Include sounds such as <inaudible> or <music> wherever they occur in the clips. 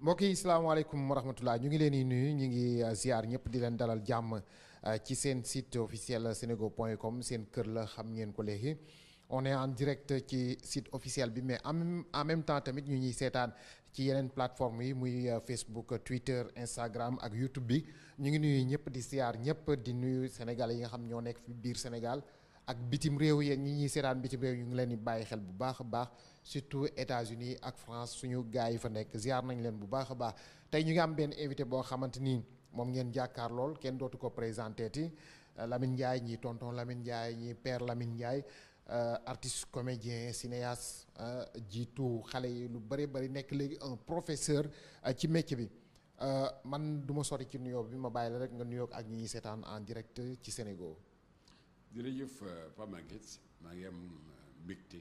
mbokk yi salaamaaleykum wa rahmatulah ñu ngi leen di nuyu ñu ngi euh, ziar ñëpp di leen dalal jàmm euh, ci seen site officiel senego.com seen kër la xam ngeen ko léegi one est en direct ci site officiel bi mais en même temps tamit ñu ñuy seetaan ci yeneen plateforme yi muy euh, Facebook Twitter Instagram ak YouTube bi ñu ngi nuyu ñëpp di ziar ñëpp di nuyu Sénégal yi nga xam ñoo nekk fi biir Sénégal ak bitim réew yi ñi ñuy seetaan bitim réew ñu ngi leen di bàyyi xel bu baax a baax. surtout États-Unis ak France suñu gars yi fa nekk ziar nañ leen bu baax a baax tey ñu ngi am benn invité boo xamante ni moom ngeen jàkkaar lool kenn dootu ko présenté ti euh, Lamine Ndiaye ñii tonton Lamine Ndiaye ñii per Lamine Ndiaye euh, artiste comédien cinéaste euh, jiitu xale yi lu bëri bari nekk léegi un professeur ci métier bi man duma sori ci nuyoo bi ma bàyyi la rek nga nuyoo ak ñi seetaan en direct ci Sénégal. jërëjëf Pape Maguette maa ngi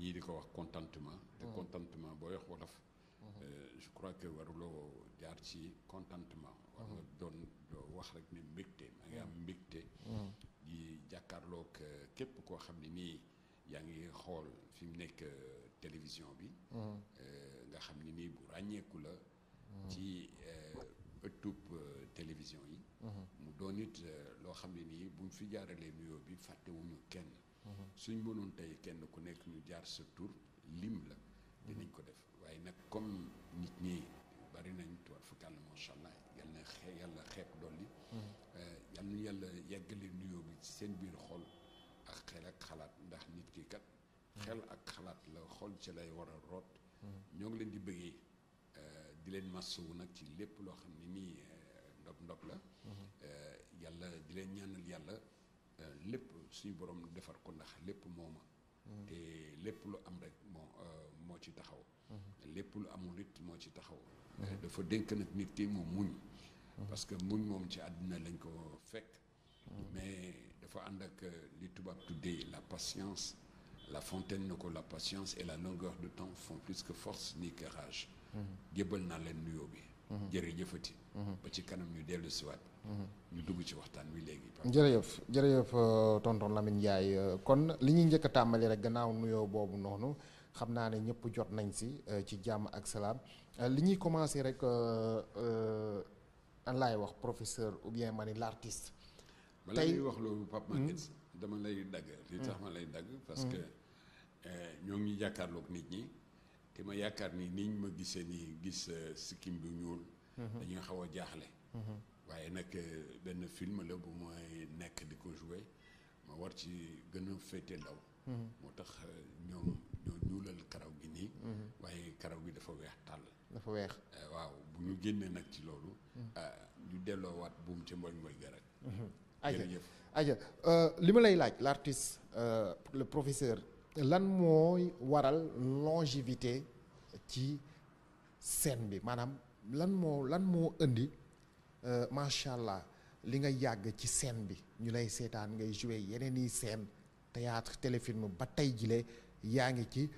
ñii di ko wax contentement mm. te contentement booy wax wolof euh, je crois que waruloo jaar ci contentement mm. war nga doon wax rek ne mbégte maa ngi am mm. mbégte di jàkkaarloog euh, képp koo xam ne nii yaa ngi xool fi mu nekk euh, télévision bi nga xam ne nii ràññeeku la ci ëttub télévision yi mm-hmm. mu doon it xam ne nii buñ fi jaaralee nuyoo bi fàttewuñu kenn suñ mënoon tey kenn ku nekk ñu jaar sa tur lim la. dinañ ko def waaye nag comme nit ñi bari nañ tuwaat fukkal macha allah yal na xe yàlla xeeb dolli. Eh, yal na yàlla yeggale nuyoo bi ci seen biir xol ak xel ak xalaat ndax nit ki kat. xel ak xalaat la xol ci lay war a root. ñoo ngi leen di bëggee eh, di leen wu nag ci lépp loo xam ne nii ndob eh, ndob la. yàlla di leen ñaanal yàlla. Euh, lépp suñu borom defar ko ndax lépp moo ma mm-hmm. te lépp lu am rek moo euh, moo ci taxaw mm-hmm. lépp lu amul it moo ci taxaw mm-hmm. euh, dafa dénk nag nit ki mu muñ parce que muñ moom ci àddina lañ ko fekk mais dafa ànd ak li tubaab tuddee la patience la fontaine na ko la patience et la longueur de temps font plus que force ni que rage naa leen nuyoo bi jërëjëfati ba ci kanam ñu dellu siwaat ñu dugg ci waxtaan wi léegi. jërëjëf jërëjëf euh, tonton Lamine Ndiaye euh, kon li ñuy njëkk a tàmbali rek gannaaw nuyoo boobu noonu xam naa ne ñëpp jot nañ si euh, ci jàmm ak salaam li ñuy commencé rek an laay wax professeur ou bien ma ni l' artiste. balaa wax loolu Pape Maguette hmm. dama lay ma lay dagg parce hmm. que ñoo ngi jàkkaarloog nit ñi te ma yaakaar ni niñ ma gisee nii gis sikkim bu ñuul. Hmm. dañuy xaw a jaaxle. waaye nag euh, benn film la bu mooy nekk di ko jouer ma war ci gën a féete ndaw mhm. moo tax euh, ñoom ñoo ñuulal karaw gi nii mhm. waaye karaw gi dafa weex tàll dafa weex euh, waaw bu ñu génnee nag ci loolu mhm. ñu delloowaat buum ci mboñ mboñ ga rek aja li ma lay laaj l'artiste le professeur lan mooy waral longévité ci scène bi maanaam lan moo lan moo indi Euh, macha allah li nga yàgg ci scène bi ñu lay seetaan ngay jouer yeneen i scène théâtre téléfilm ba tey jile yaa ngi ci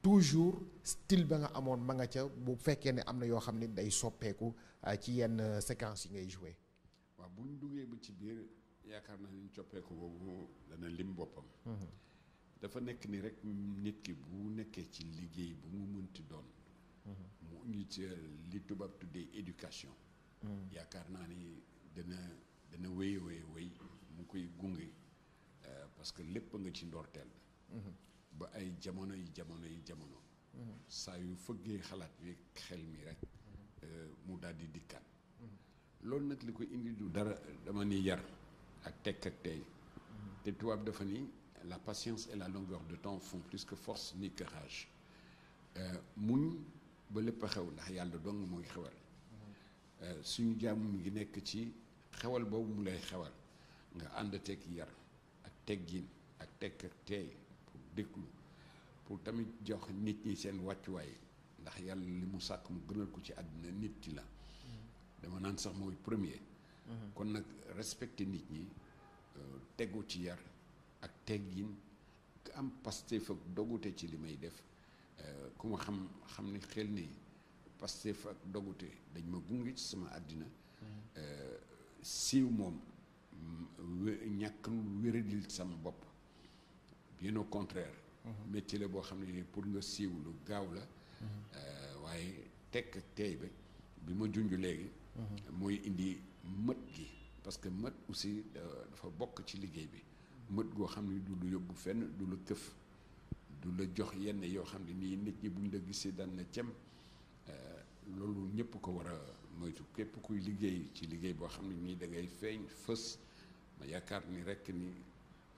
toujours style ba nga amoon ma nga ca bu fekkee ne am na yoo xam ne day soppeeku euh, ci yenn euh, séquence yi ngay jouer waaw bu duggee ba ci biir yaakaar naa ni coppeeku boobu dana lim boppam. Mhm. dafa nekk ni rek nit ki bu nekkee ci liggéey bu mu mënti doon. Mhm. mu ñu ci li tubaab tuddee éducation. Mm. yaakaar naa ni dana dana wéy wéy wéy mu koy gunge euh, parce que lépp nga ci ndoorteel mm-hmm. ba ay jamono yi jamono yi jamono mm-hmm. saa yu fëggee xalaat bi xel mi rek mm-hmm. euh, mu daal di dikkaat loolu nag li ko indi du dara dama ni yar ak tekk ak tey te tubaab dafa ni la patience et la longueur de temps font plus que force ni que rage euh, muñ ba lépp a xew ndax yàlla dong mooy xewal Euh, suñu jàmm mi ngi nekk ci xewal boobu mu lay xewal nga ànd teg yar ak teggiin ak teg teey pour déglu pour tamit jox nit ñi seen wàccuwaay ndax yàlla li mu sàkk mu gënal ko ci àddina nit ñi la dama naan sax mooy premier mhm. kon nag respecté nit ñi euh, tegu ci yar ak teggin am pastéef ak dogute ci li may def euh, ku ma xam xam ni xel nii Pastef ak dogute dañ ma gunge ci sama àddina euh, siiw moom mm, ñàkk wéradil sama bopp bien au contraire mhm. métier la boo xam ne pour nga siiw lu gaaw la mhm. euh, waaye tekk teey bi bi ma junj léegi mhm. mooy indi mët gi parce que mët aussi euh, dafa bokk ci liggéey bi mët goo xam ne du lu yóbbu fenn du la këf du la jox yenn yoo xam ne nii nit ñi buñ la gisee daan na cem loolu ñëpp ko war a moytu képp kuy liggéey ci liggéey boo xam ne mii dangay feeñ fës ma yaakaar ni rekk ni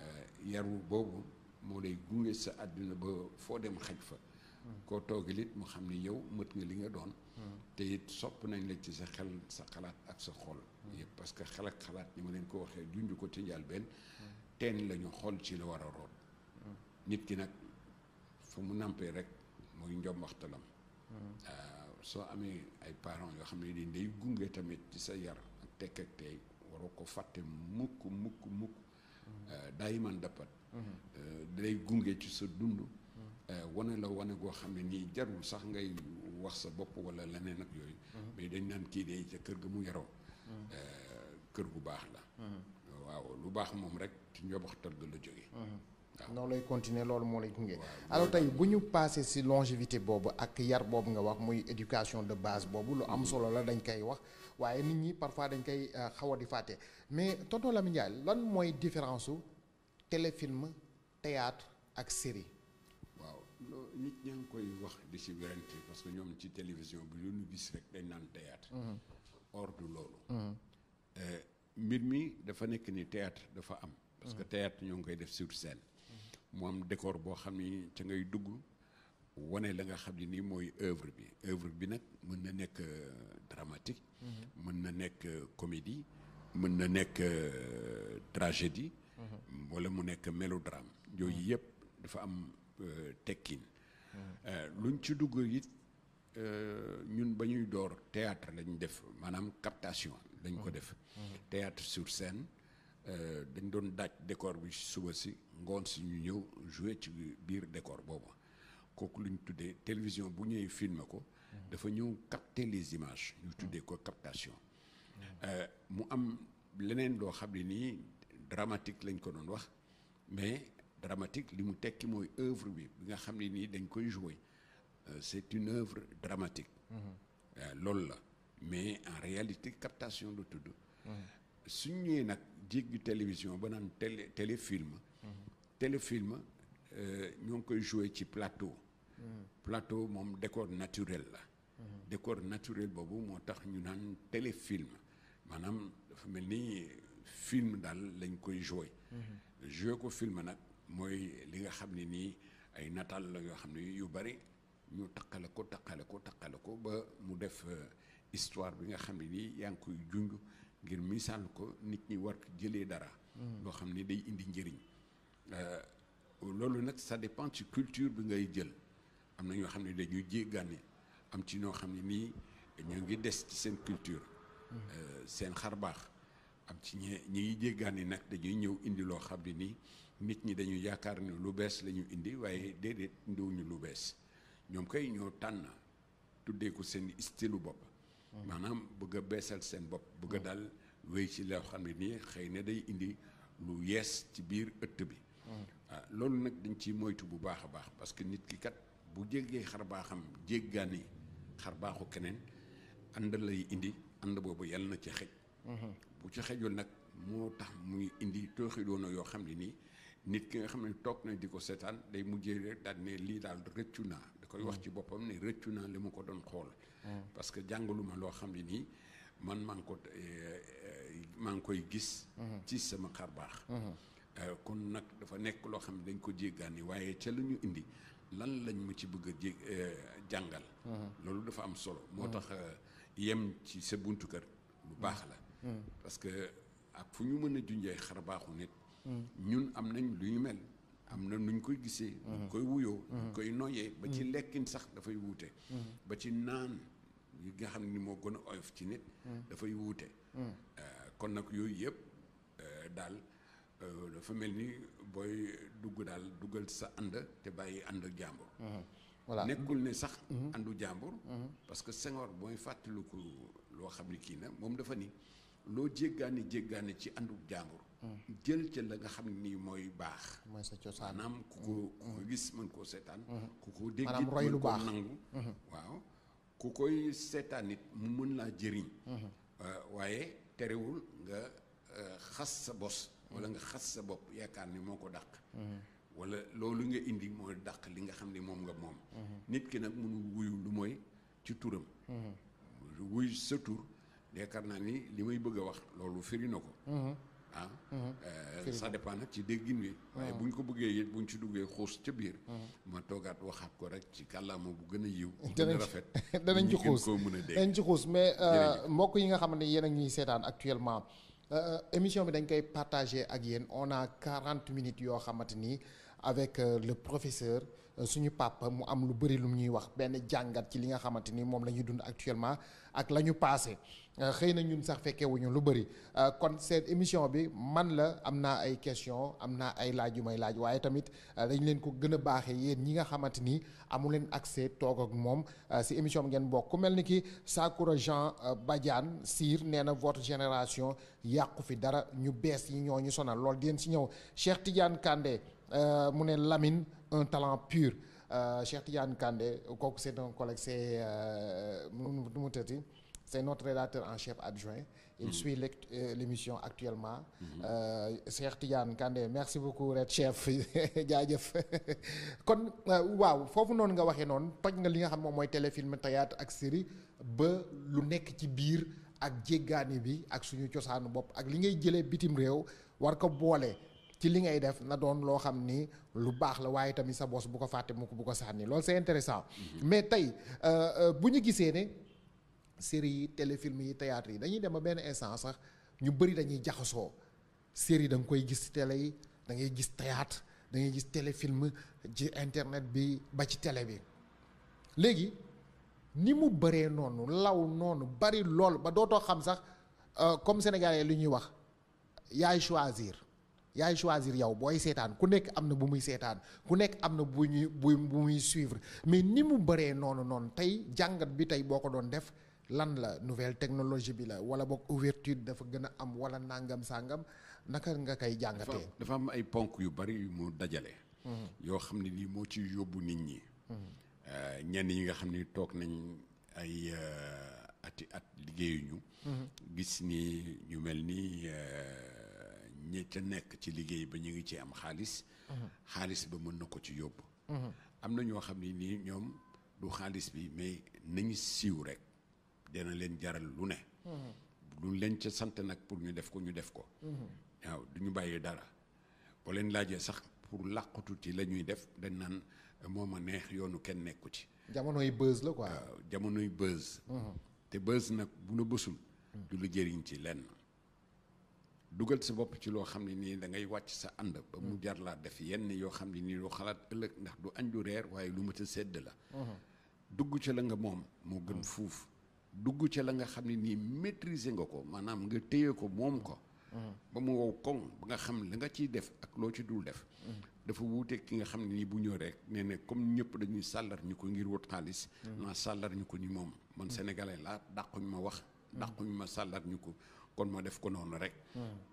euh, yaru boobu moo lay gunge sa àdduna ba foo dem xaj fa hmm. koo toogalit mu xam ne yow mët nga li nga doon hmm. te it sopp nañ la ci sa xel sa xalaat ak sa xol hmm. yëpp parce que xel ak xalaat ni ma leen ko waxee junj ko ci njaal benn teen lañu ñu xool ci la war a root nit ki nag fu mu nampee rek mooy njombaxtalam euh, soo amee ay parent yoo xam ne ni day gunge tamit ci sa yar ak tekk ak tey waroo ko fàtte mukk mukk mukk euh, daayiman dappat euh, day gunge ci sa dund euh, wane la wane goo xam ne nii jarul sax ngay wax sa bopp wala leneen ak yooyu mais dañ naan kii de ca kër ga mu yaroo kër bu baax la waaw lu baax moom rek ci njoboxtal ga la jóge noonu lay continuer loolu moo lay gunge alors tey bu ñu passé si longévité boobu ak yar boobu nga wax muy éducation de base boobu lu am solo la dañ koy wax waaye nit ñi parfois dañ koy euh, xaw a di fàtte mais tonton Lamine Ndiaye lan mooy différence su téléfilm théâtre ak série waaw loolu nit ñaa ngi koy wax di ci wérante parce que ñoom ci télévision bi lu ñu gis rek dañ naan théâtre hors mhm. loolu mhm. euh, mbir mi dafa nekk ni théâtre dafa am parce que mhm. théâtre ñoo ngi koy def sur scène mu am décor boo xam ni ca ngay dugg wane la nga xam ni nii mooy œuvre bi œuvre bi nag mën na nekk euh, dramatique mhm. mën na nekk euh, comédie mën na nekk euh, tragédie mhm. wala mu nekk mélodrame mhm. yooyu yëpp dafa am tekkiin luñ ci dugg it ñun ba ñuy door théâtre lañ def maanaam captation lañ ko def théâtre sur scène Euh, dañ doon daaj décor bi suba si ngoon si ñu ñëw jouer ci biir décor boobu kooku lu ñu tuddee télévision bu ñëwee filmer ko dafa ñëw capter les images ñu tuddee ko captation euh, mu am leneen doo xam ne nii dramatique lañ ko doon wax mais dramatique li mu tekki mooy œuvre bi bi nga xam ne nii dañ koy jouer euh, c'est une œuvre dramatique loolu la mais en réalité captation la tudd suñ ñëwee nag jéggi télévision ba naan télé téléfilm. téléfilm euh, ñoo ngi koy joué ci plateau. plateau moom décor naturel la. décor naturel boobu moo tax ñu naan téléfilm maanaam fu mel ni film daal lañ koy joué. joué ko film nag mooy li nga xam ni nii ay nataal la yoo xam ne yu bari ñu takkale ko takkale ko takkale ko ba mu def euh, histoire bi nga xam ne nii yaa ngi koy junj. ngir misaal ko nit ñi war jëlee dara. Mm-hmm. loo xam ne day indi njëriñ. Euh, loolu nag sa dépend ci culture bi ngay jël am na ñoo xam ne dañuy jéggaane am ci ñoo xam ne nii ñu ngi des ci seen culture. Mm-hmm. Euh, seen xar baax am ci ñi ñi jéggaane nag dañuy ñëw indi loo xam ne nii nit ñi dañu yaakaar ni lu bees la indi waaye déedéet indiwuñu lu bees ñoom kay ñoo tànn tuddee ko seen style bopp. maanaam bëgg a beesal seen bopp bëgg a mm. daal wéy ci loo xam ne nii xëy na day indi lu yees ci biir ëtt bi waaw mm. ah, loolu nag dañ ci moytu bu baax a baax parce que nit ki kat bu jéggee xar baaxam jéggaani xar baaxu keneen ànd lay indi ànd boobu yàlla na ci xej mm-hmm. bu ci xejul nag moo tax muy indi tooxi doona yoo xam ne nii nit ki nga xam ne toog nañ di ko seetaan day mujjee rek daal lii daal rëccu naa koy wax ci boppam ne rëccu naa li mu ko doon xool parce que jàngaluma loo xam ne nii man maa ngi ko eh, maa ngi koy gis ci sama xar eh, kon nag dafa nekk loo xam ne dañ ko ni waaye ca la ñu indi lan lañ mu ci bëgg a jég eh, jàngal loolu dafa am solo moo tax yem ci sa buntu kër bu baax la parce que ak fu ñu mën a junjee xar baaxu nit ñun am nañ lu ñu mel am na nuñ koy gisee. nuñ mhm. koy wuyoo. nuñ mhm. koy noyee ba ci mhm. lekkin sax dafay wuute. ba ci naan yi nga xam ni moo gën a oyof ci nit. dafay wuute. Euh, kon nag yooyu yëpp euh, daal euh, dafa mel ni booy dugg daal duggal sa ànd te bàyyi ànd ak jàmbur. voilà nekkul ne sax. àndu jàmbur. parce que Senghor mooy fàttaliku loo xam ne kii nag moom dafa ni loo jéggaane jéggaane ci àndu jàmbur. jël ca la nga xam ni mooy baax. mooy sa cosaan maanaam ku ko ku ko gis mën koo seetaan. Mm-hmm. ku ko dégg it mën koo nangu. Mm-hmm. waaw ku koy seetaan nit mu mën laa jëriñ. Mm-hmm. Euh, waaye terewul nga euh, xas sa bos. wala nga xas sa bopp yaakaar ni moo ko dàq. wala loolu nga indi mooy dàq li nga xam ne moom nga moom. nit ki nag mënul wuyu lu mooy ci turam. wuyu sa tur yaakaar naa ni li may bëgg a wax loolu firi ko. ah. Mm-hmm. Euh, ça dépend nag ci déggin wi. Mm-hmm. waaye ñu ko buggee yit ñu ci duggee xuus ca biir. Mm-hmm. ma toogaat waxaat ko rek ci kàllaama bu gën a yiw. danañ rafet danañ ci <laughs> xuus danañ ci xuus mais euh, mbokk yi nga xam ne yéen a ñuy seetaan actuellement. Euh, émission bi dañ koy partagé ak yéen on a 40 minutes yoo xamante ni avec le professeur suñu papa mu am lu bëri lu ñuy wax benn jàngat ci li nga xamante ni moom la ñuy dund actuellement ak la ñu passé. Euh, xëy na ñun sax fekkewuñu lu bëri euh, kon seen émission bi man la am na ay question am naa ay laaj yu may laaj waaye tamit euh, dañ leen ko gën a baaxee yéen ñi nga xamante ni amu leen accès toog ak moom si émission bi ngeen bokk ku mel ni ki Sakoura Jean Badiane Sire nee na votre génération yàqu fi dara ñu bees yi ñoo ñu sonal loolu di leen si ñëw Cheikh Tidiane Kandé mu ne Lamine un talent pur Cheikh Tidiane Kandé kooku c'est un collègue c'est nu mu c'est notre rédacteur en chef adjoint il mmh. suit euh, l'émission actuellement mm-hmm. euh, Cheikh tijaan Kandé merci beaucoup Red Chef <laughs> jaajëf <laughs> kon euh, waaw foofu noonu nga waxee noonu toj nga li nga xam moom mooy téléfilm théâtre ak série ba lu nekk ci biir ak jéggaani bi ak suñu cosaanu bopp ak li ngay jëlee bitim réew war ko boole ci li ngay def na doon loo xam ni lu baax la waaye tamit sa bos bu ko fàtte mukk bu ko sànni loolu c'est intéressant mm-hmm. mais tey bu ñu gisee ne série yi téléfilm yi théâtre yi dañuy dem a benn instant sax ñu bëri dañuy jaxasoo série da nga koy gis télé yi da ngay gis théâtre da ngay gis téléfilm ci internet bi ba ci télé bi léegi ni mu bëree noonu law noonu bari lool ba dootoo xam sax euh, comme sénégalais li ñuy wax yaay choisir yaay choisir yow booy seetaan ku nekk am na bu muy seetaan ku nekk am na bu ñuy bu bu muy suivre mais ni mu bëree noonu noonu tey jàngat bi tey boo ko doon def lan la nouvelle technologie bi la wala boog ouverture dafa gën a am wala nangam sangam naka nga koy jàngatee. dafa am ay ponk yu bari yu mu dajale. Mhm. yoo xam ne nii moo ci yóbbu nit ñi. Mhm. Euh, ñenn ñi nga xam ne toog nañ ay euh, ati at liggéeyuñu. Mhm. gis ni ñu mel ni euh, nekk ci liggéey ba ñu ngi ci am xaalis. xaalis ba mën na ko ci yóbbu. am na ñoo xam ne nii ñoom du xaalis bi mais nañu siiw rek. dina leen jaral lu ne lu leen ca sante nag pour ñu def ko ñu def ko waaw du ñu bàyyi dara boo leen laajee sax pour làqatu ci la ñuy def dañ naan moom a neex yoonu kenn nekku ci jamonoy buzz la ko waaw jamonoy buzz te buzz nag bu na bësul du la ci lenn dugal sa bopp ci loo xam ne nii da ngay wàcc sa ànd ba mu jar laa def yenn yoo xam ne nii doo xalaat ëllëg ndax du añ du reer waaye lu ma ca sedd la dugg ci la nga moom moo gën fuuf dugg ca la nga xam ne nii maîtriser nga ko maanaam nga téye ko moom ko. ba mu wow koŋ ba nga xam li nga ciy def ak loo ci dul def. dafa wuute ki nga xam ne nii bu ñëw rek nee ne comme ñëpp dañuy sàllar ñu ko ngir wut xaalis. naa sàllar ko ni moom. man sénégalais laa dàquñ ma wax. dàquñ ma sàllar ko kon ma def ko noonu rek.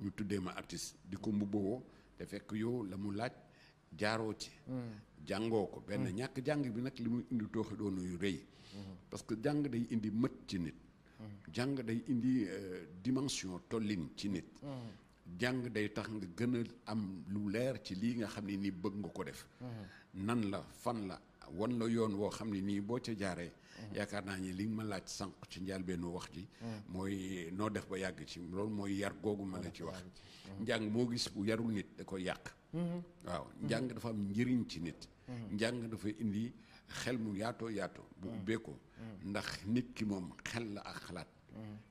ñu tuddee ma artiste di ko mbubboo te fekk yow la mu laaj. jaaroo ci hmm. jàngoo ko benn hmm. ñàkk jàng bi nag li muy indi tooxi doonu yu rëy hmm. parce que jàng day indi mët ci nit jàng day indi euh, dimension tollin ci nit jàng day tax nga gën a am lu leer ci lii nga xam ni ni bëgg nga ko def nan la fan la wan la yoon woo xam ne nii boo ca jaaree mhm. yaakaar naa ni li ma laaj sànq ci njëlbéenu wax ji mhm. mooy noo def ba yàgg ci loolu mooy yar googu ma la ci wax njàng moo gis bu yarul nit da ko yàq mhm. waaw njàng dafa am njëriñ ci nit njàng dafa indi xel mu yaatoo yaatoo bu ubbeekoo ndax nit ki moom xel la ak xalaat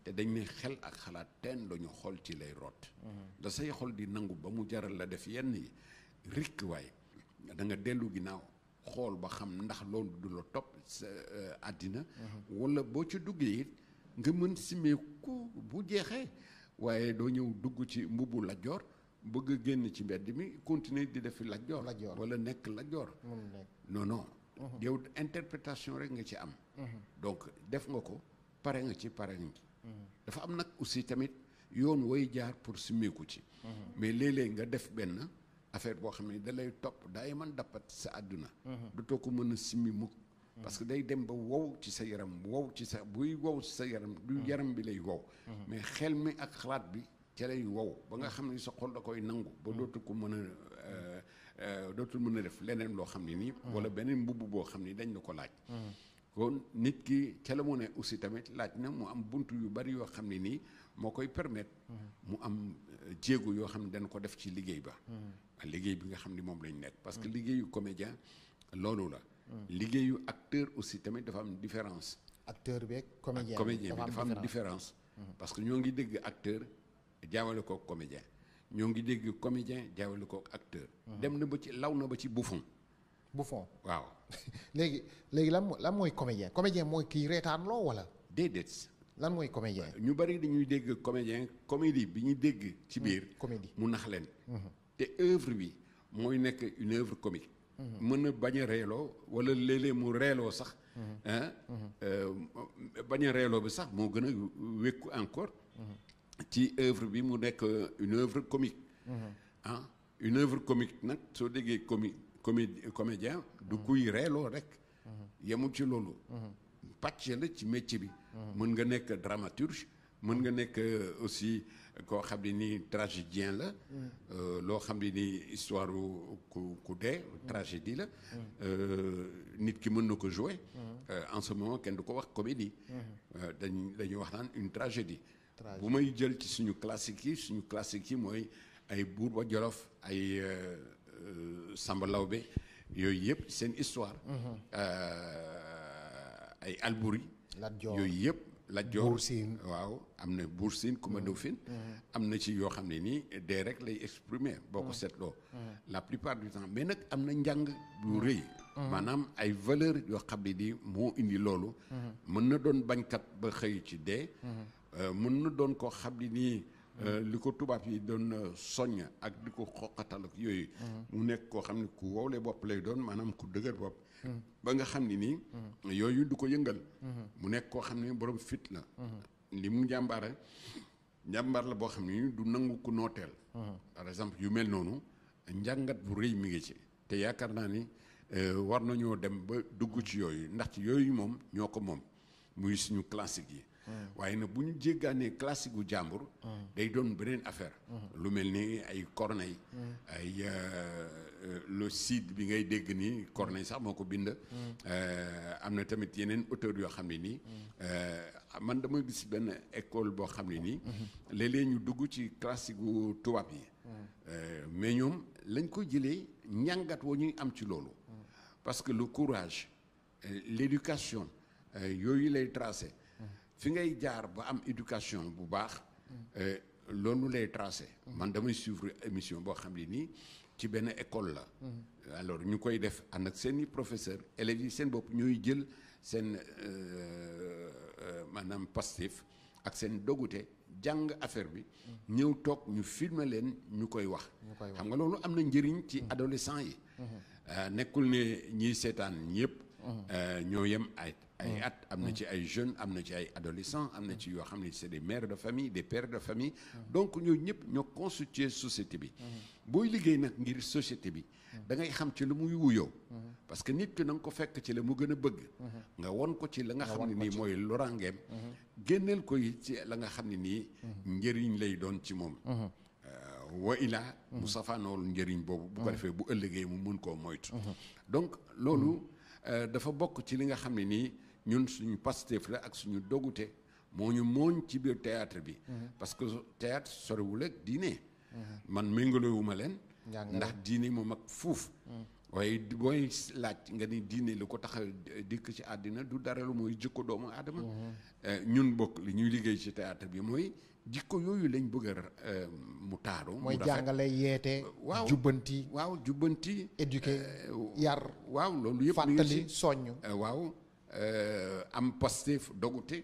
te dañ ne xel ak xalaat teen dañu xool ci lay root da xol di nangu ba mu jaral la def yenn yi rikk waay da dellu ginnaaw xool ba xam ndax loolu du la topp sa euh, àddina wala boo ci duggee it nga mën simeeku bu jeexee waaye doo ñëw dugg ci mbubbu lajjoor bëgg génn ci mbedd mi continuer di def lajjoor wala nekk lajjoor non non mhm. yow interprétation rek nga ci am mhm. donc def nga ko pare nga ci pare nga mhm. dafa am nag aussi tamit yoon way jaar pour simmeeku ci mais léeg-léeg nga def benn affaire boo xam ne da lay topp daay man dappat sa àdduna mhm. dootoo ko mën a simmi mukk parce que day dem ba wow ci sa yaram wow ci sa buy wow ci sa yaram du mhm. yaram bi lay wow mhm. mais xel mi ak xalaat bi ca lay wow ba nga xam ne sa xol da koy nangu ba dootu ko mën a euh, euh, dootul mën a def leneen loo xam ne nii wala beneen mbubb boo xam ne dañ la ko laaj kon nit ki ca la mu ne aussi tamit laaj na mu am bunt yu bari yoo xam ne nii moo koy permettre mu am euh, jéego yoo xam ne dañ ko def ci liggéey ba liggéey bi nga xam ni moom lañu nekk. parce que mm. liggéeyu comédien loolu la. Mm. liggéeyu acteur aussi tamit dafa am différence. acteur beek comédien comédien bi dafa am différence. Mm. parce que ñoo ngi dégg acteur jaawale kook comédien ñoo ngi dégg comédien jaawale kook acteur. dem na ba ci law na ba ci bouffon. bouffon waaw. <laughs> léegi léegi lan lan mooy comédien comédien mooy kii reetaan loo wala. déedéet. lan mooy comédien. ñu bari dañuy dégg comédien comédie bi ñu dégg. ci biir comédie mu nax leen. Mm-hmm. te œuvre bi mooy nekk une œuvre comique. mën na bañ a reeloo walla léeg mu reeloo sax. Mhm. Euh, bañ a reeloo bi sax moo gën a wékku encore. ci œuvre bi mu nekk une œuvre comique. Mhm. Ah, une œuvre comique nag soo déggee comi comi comédien du mhm. kuy reeloo rek. yemul ci loolu. pàcc la ci métier bi. mën nga nekk dramaturge mën nga nekk euh, aussi. ko xam ne nii tragédien la mm. euh, loo xam ne nii histoire ku ku dee mm. tragédie la mm. euh, nit ki mën na ko jouer euh, en ce kenn du ko wax comédie dañ dañuy wax naan une tragédie bu may jël ci suñu classique yi suñu classique yi mooy ay Buurba Jolof ay Samba Lawbe yooyu yëpp seen histoire mm-hmm. ay Alburi yooyu yëpp la Joor Buur waaw am na Buur Siin Kumba Ndoffin mm. mm-hmm. am na ci yoo xam ne nii dee rek lay exprimer boo ko mm. seetloo mm. la plupart du temps mais nag am na njàng lu rëy maanaam ay valeur yoo xam ne nii moo indi loolu mm-hmm. mën na doon bañkat ba xëy ci dee mm-hmm. euh, mën na doon koo xam ne nii euh, li ko tubaab yi doon euh, soññ ak di ko xoqatal ak yooyu mu nekk koo xam ne ku wow le bopp lay doon maanaam ku dëgër bopp ba nga xam ni nii mm-hmm. yooyu du ko yëngal mm-hmm. mu nekk koo xam ne borom fit la li mm-hmm. mu jàmbaare njàmbaar la boo xam ni du nangu ku nooteel par exemple yu mel noonu njàngat bu rëy mi ngi ci te yaakaar naa ni euh, war nañoo dem ba dugg ci yooyu ndax ci yooyu moom ñoo ko moom muy suñu classique yi waaye nag bu ñu jéggaanee classique gu jàmbur. day doon beneen affaire. Mm-hmm. lu mel ni ay Corneille. Mm-hmm. ay euh, euh, le Cid bi ngay dégg nii Corneille sax moo ko bind. Mm-hmm. Euh, am na tamit yeneen auteurs yoo xam ne nii. man dama gis benn école boo xam ne nii. léeg ñu dugg ci classique gu tubaab yi. mais ñoom lañ ko jëlee ñàngat woo ñuy am ci loolu. parce que le courage l'éducation yooyu lay tracé. fi ngay jaar ba am éducation bu baax euh, loolu lay tracé man damay suivre émission boo xam ne nii ci benn école la alors ñu koy def ànd ak seeni professeur élèves yi seen bopp ñooy jël seen euh, euh, maanaam pastif ak seen dogute jàng affaire bi ñëw toog ñu filmer leen ñu koy wax xam nga loolu am na njëriñ ci mm-hmm. adolescent yi mm-hmm. nekkul ne ñiy seetaan ñëpp mm-hmm. ñoo yem ay ay mm. at am na mm. ci ay jeunes am na ci ay adolescents am na mm. ci yoo xam ne c'est des mères de famille des pères de famille donc ñooñu ñëpp ñoo constituer société bi booy liggéey nag ngir société bi dangay xam ci lu muy wuyoo parce que nit na ko fekk ci la mu gën a bëgg nga won ko ci la xam ne nii mooy lorangeem mm-hmm. génneel ko ci la nga xam ne nii mm-hmm. njëriñ lay doon ci moom mm-hmm. euh, wa ilaa mu safaanoolu njëriñ boobu bu ko defee bu ëllëgee mu mën koo moytu donc loolu euh, dafa bokk ci li nga xam ne nii ñun suñu Pastef la ak suñu dogute moo ñu mooñ ci biir théâtre bi mm-hmm. parce que théâtre sorewul diine mm-hmm. man méngalewuma leen ndax diine moom ak fuuf mm-hmm. waaye booy laaj nga ni diine li ko tax dikk ci àddina du dara lu mooy jikko doomu aadama eh, ñun bokk li ñuy liggéey ci théâtre bi mooy jikko yooyu lañ bëgg a eh, mu taaru mooy jàngale yeete eh, waaw jubbanti waaw jubbanti éduquer yar waaw loolu yëpp fàttali soññ waaw Euh, am Pastef dogute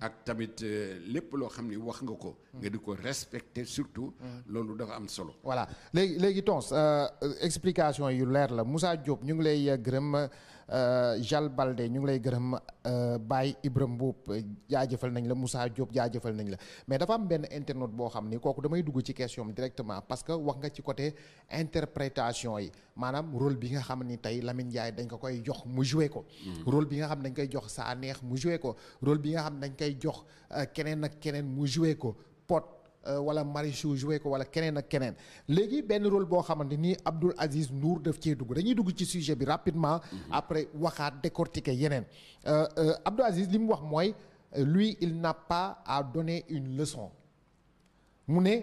ak tamit euh, lépp loo xam ni wax nga ko nga di ko respecter surtout loolu dafa am solo voilà léegi léegi Tons euh, explication yu leer la Moussa Diop ñu ngi lay gërëm Euh, Jal Balde ñu ngi lay gërëm euh, Baye Ibrahima Mboup jaajëfal nañ la Moussa Diop jaajëfal nañ la mais dafa am benn internaute boo xam ni kooku damay dugg ci question directement parce que wax nga ci côté interprétation yi maanaam rôle bi nga xam ni tey Lamine Ndiaye dañ ko koy jox mu joué ko. Mm. rôle bi nga xam dañ koy jox saa mu joué ko rôle bi nga xam dañ koy jox euh, keneen ak keneen mu joué ko pot. Euh, wala Marichou joué ko wala keneen ak keneen léegi benn rôle boo xamante ni Abdoul Aziz Ndour def cee dugg dañuy dugg ci sujet bi rapidement. Mhm. après waxaat décortiquer yeneen. Euh, euh, Abdoul Aziz li mu wax mooy lui il n'a pas à donner une leçon mu ne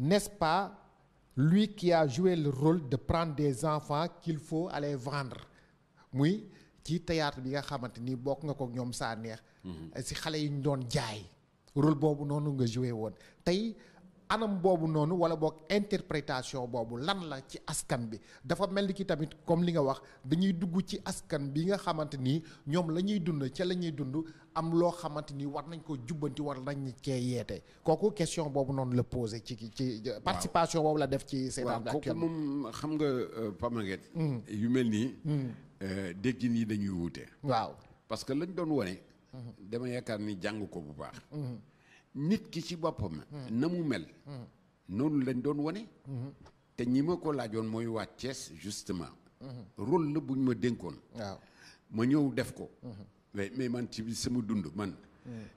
n'est-ce pas lui qui a joué le rôle de prendre des enfants qu'il faut aller vendre muy ci théâtre bi nga xamante ni bokk nga ko ñoom saa neex. Mhm. si xale yi ñu doon jaay. rôle boobu noonu nga joué woon tey anam boobu noonu wala boog interprétation boobu lan la ci askan bi dafa mel ni ki tamit comme li nga wax dañuy dugg ci askan bi nga xamante ni ñoom la ñuy dund ca la ñuy dund am loo xamante ni war nañ ko jubbanti war nañ kee yeete kooku question boobu noonu la posé ci ci participation boobu la def ci Sénégal bi actuellement moom xam nga euh, Pape Maguette mm. yu mel nii mm. euh, déggin yi dañuy wuute waaw parce que lañ doon wone dama yaakaar ni jàng ko bu baax nit ki ci boppam na mu mel noonu lañ doon wane te ñi ma ko laajoon mooy waa Thiès justement rôle la bu buñ ma dénkoon waaw ma ñëw def ko mais mais man ci bi sama dund man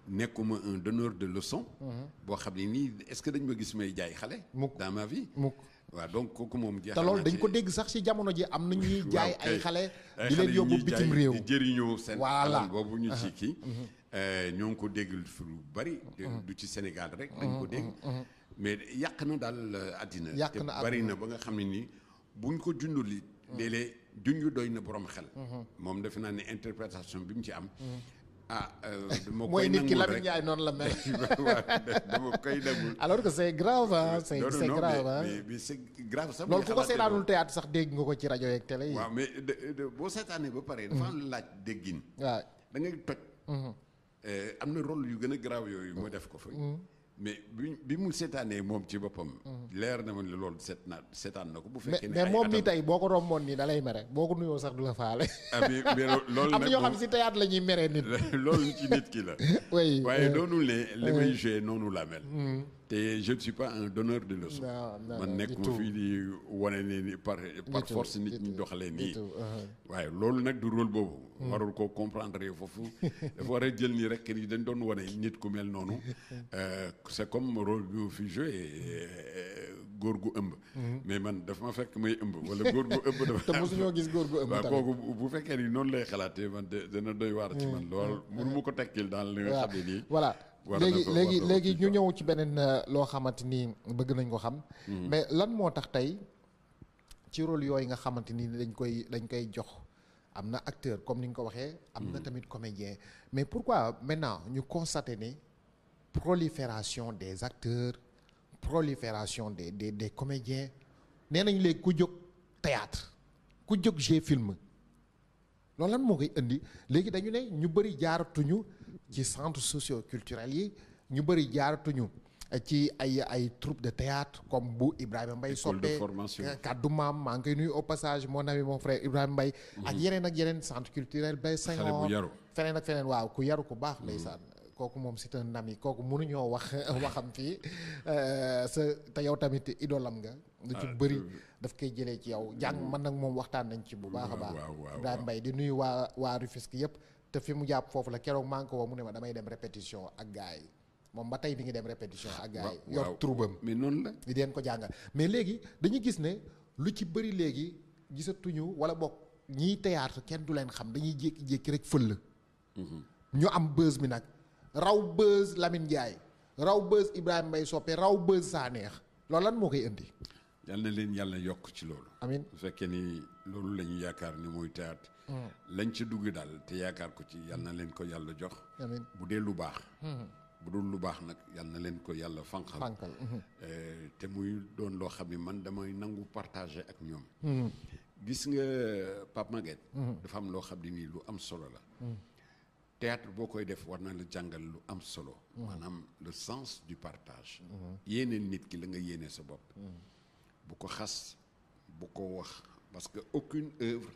nekkuma un donneur de leçon mm-hmm. boo xam ne nii est-ce que dañ ma gis may jaay xale dans ma vie mukk waaw donc kooku moom jeexal na te loolu dañ ko dégg sax ci jamono ji am na ñuy jaay ay xale di leen yóbbu bitim réew di jëriñoo seen alal boobu ñu ci uh-huh. kii uh-huh. eh, ñoo ngi ko dégg fi lu bari uh-huh. du ci Sénégal rek dañ ko dégg mais yàq na daal euh, àddina yàq na te bari na ba nga xam ne nii buñ ko jundul li léeg-léeg doy na borom xel moom defe naa ne interprétation bi mu ci am ah euh, dama koy mooy nit ki Lamine Ndiaye noonu la mel. <laughs> koy nangul. alors que c' est grave ah. c' est c' est grave ah mais mais sax. loolu ko seetaanul théâtre sax dégg nga ko ci rajo yeeg télé yi. waaw mais boo seetaanee ba pare. dafa laaj déggin. waa dangay ngay toj. Mm-hmm. Euh, am na rôle yu gën a grave yooyu. moo def ko fa. Mm-hmm. mais bi mu seetaanee moom ci boppam. leer na mu loolu seet na seetaan na ko. bu fekkee ne mais moom mi tey boo ko romboon nii da lay mere boo ko nuyoo sax du la faale. ah <laughs> loolu am na xam si théâtre la ñuy meree nit. <laughs> loolu ci nit ki la. <laughs> waaye doonul ne. li may noonu laa mel. Mm. te je ne suis pas un donneur de leçons man nekkuma fii di wane ne ni par par force nit ñi doxalee nii uh-huh. waaye loolu nag du rôle boobu hmm. warul ko comprendre yo foofu <laughs> dafa war a jël nii rek ni dañ doon wane nit ku mel noonu <laughs> euh, c'est comme rôle bi mu fi joué euh, góor gu ëmb hmm. mais man dafa ma fekk may ëmb wala góor gu ëmb dafa <laughs> te mosuñoo gis góor gu ëmb kooku bu fekkee ni noonu lay xalaatee man dana doy waar ci man hmm. loolu mënu ko tekkil daal li nga nii voilà léegi léegi léegi ñu ñëw ci beneen euh, loo xamante ni bëgg nañ ko xam. Mm-hmm. mais lan moo tax tey ci rôle yooyu nga xamante ni dañ koy dañ koy jox am na acteur comme ni nga ko waxee. am na mm-hmm. tamit comédien mais pourquoi maintenant ñu constater ne prolifération des acteurs prolifération des des des comédiens nee nañ léegi ku jóg théâtre ku jóg jeu film. loolu lan moo koy indi léegi dañu ne ñu bëri jaaratuñu ci centre socio culturel yi ñu bëri jaaratuñu ci ay ay troupe de théâtre comme bu Ibrahima Mbaye Sopé euh, kaddu maam maa ngi koy nuyu au passage mon moo mon frère Ibrahima Mbaye ak mhm. yeneen ak yeneen centre culturel bay Senghor feneen ak feneen waaw ku yaru ku baax lay mhm. ndeysaan kooku moom c'est un ami kooku mënuñoo wax <laughs> waxam fii euh, sa te yow tamit idolam nga. lu ci ah, bëri daf koy jëlee ci yow. jàng man nag moom waxtaan nañ ci bu baax a baax. Ibrahima Mbaye di nuyu waa waa Rufisque yëpp. te fi mu jàpp foofu la keroog maa ngi mu ne ma damay dem répétition ak gars yi moom ba tey mi ngi dem répétition ak gars yi yor troubam mais noonu di leen ko jàngal mais léegi dañu gis ne lu ci bëri léegi gisatuñu wala bokk ñiy théâtre kenn du leen xam dañuy jékki-jékki rek fël mhm. ñu am buzz bi nag raw bës Lamine Ndiaye raw bës Ibrahima Mbaye Soppe raw bës Saneex loolu lan moo koy indi. yal na leen yàlla yokk ci loolu. amiin bu fekkee ni loolu la ñu yaakaar ni muy théâtre. Hmm. lañ ci dugg daal te yaakaar ko ci yal na leen ko yàlla jox. bu dee lu baax. Hmm. bu dul lu baax nag yal na leen ko yàlla fanqal. fanqal hmm. eh, te muy doon loo xam ne man damay nangu partage ak ñoom. gis nga Pape Maguette. dafa am loo xam ne nii lu am solo la. théâtre boo koy def war na la jàngal lu am solo mm-hmm. maanaam le sens du partage yéene nit ki la nga yéenee sa bopp mm-hmm. bu ko xas bu ko wax parce que aucune œuvre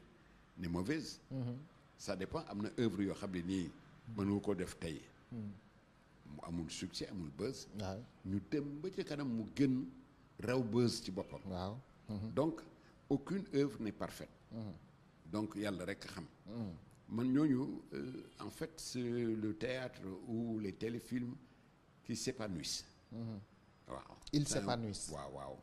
n'est mauvaise mm-hmm. ça dépend am na œuvre yoo xam ne nii mënoo ko def tey mu amul succès amul buzz ñu dem ba ci kanam mu gën raw buzz ci boppam waaw donc aucune œuvre n'est parfaite donc yàlla rekk xam man ñooñu euh, en fait c'est le théâtre ou les téléfilms qui s'épanouissent. Mm-hmm. waaw. ils s'épanouissent waaw waaw.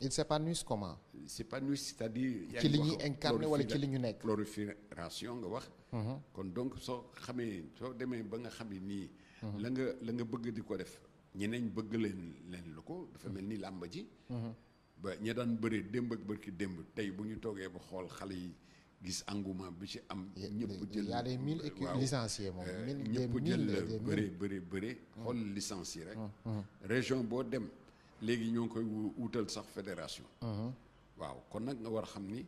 ils s'épanouissent comment. s'épanouissent c'est-à-dire. ci li ñu incarné wala ci li ñu nekk. prolifération nga wax. Mm-hmm. kon donc soo xamee soo demee ba nga xam ne nii. Mm-hmm. la nga la nga bëgg di ko def. ñeneen bëgg leen leen lu ko dafa mel ni làmb ji. ba ña daan bëree démb ak ki démb tey bu ñu toogee ba xool xale yi. gis engouement bi ci am. ñëpp jël y a des mille équipes licenciées moom. Euh, ñëpp jël la bëri bëri bëri. xool licence mm, mm. région boo dem léegi ñoo ngi koy wutal sax fédération. Mm-hmm. waaw kon nag nga war a xam ni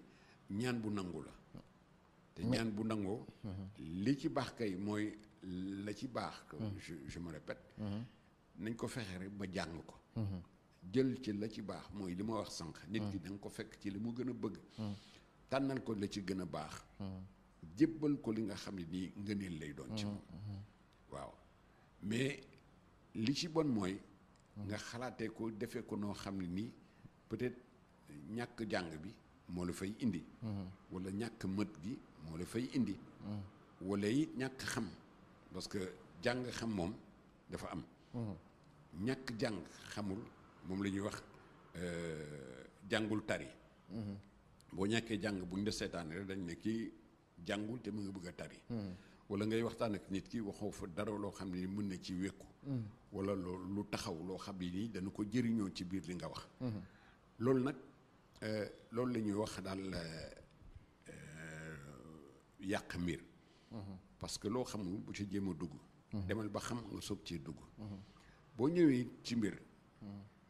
ñaan bu nangu la. te ñaan bu nangoo. Mm-hmm. li ci baax kay mooy la ci baax. Mm. je je mm-hmm. nañ ko fexe rek ba jàng ko. jël ci la ci baax mooy li ma wax sànq. nit ki da ko fekk ci li mu gën a bëgg. tànnal ko la ci gën a baax jébbal ko li nga xam ne nii ngëneel lay doon ci moom waaw mais li ci bon mooy nga xalaatee ko defee ko noo xam ne nii peut-être ñàkk jàng bi moo la fay indi walla ñàkk mët bi moo la fay indi wala it ñàkk xam parce que jàng xam moom dafa am ñàkk jàng xamul moom la ñuy wax euh, jàngul tari boo ñàkkee jàng ñu de seetaan rek dañ ne kii jàngul te mu nga bëgg a tari hmm. wala ngay waxtaan ak nit ki waxoo fa dara loo xam ne mën na ci wékku hmm. wala loo lu taxaw loo xam ne nii ko jëriñoo ci biir li nga wax hmm. loolu nag euh, loolu la ñuy wax daal euh, euh, yàq mbir parce que loo xamul bu ci jéem a dugg demal ba xam nga soog cee dugg boo ñëwee ci mbir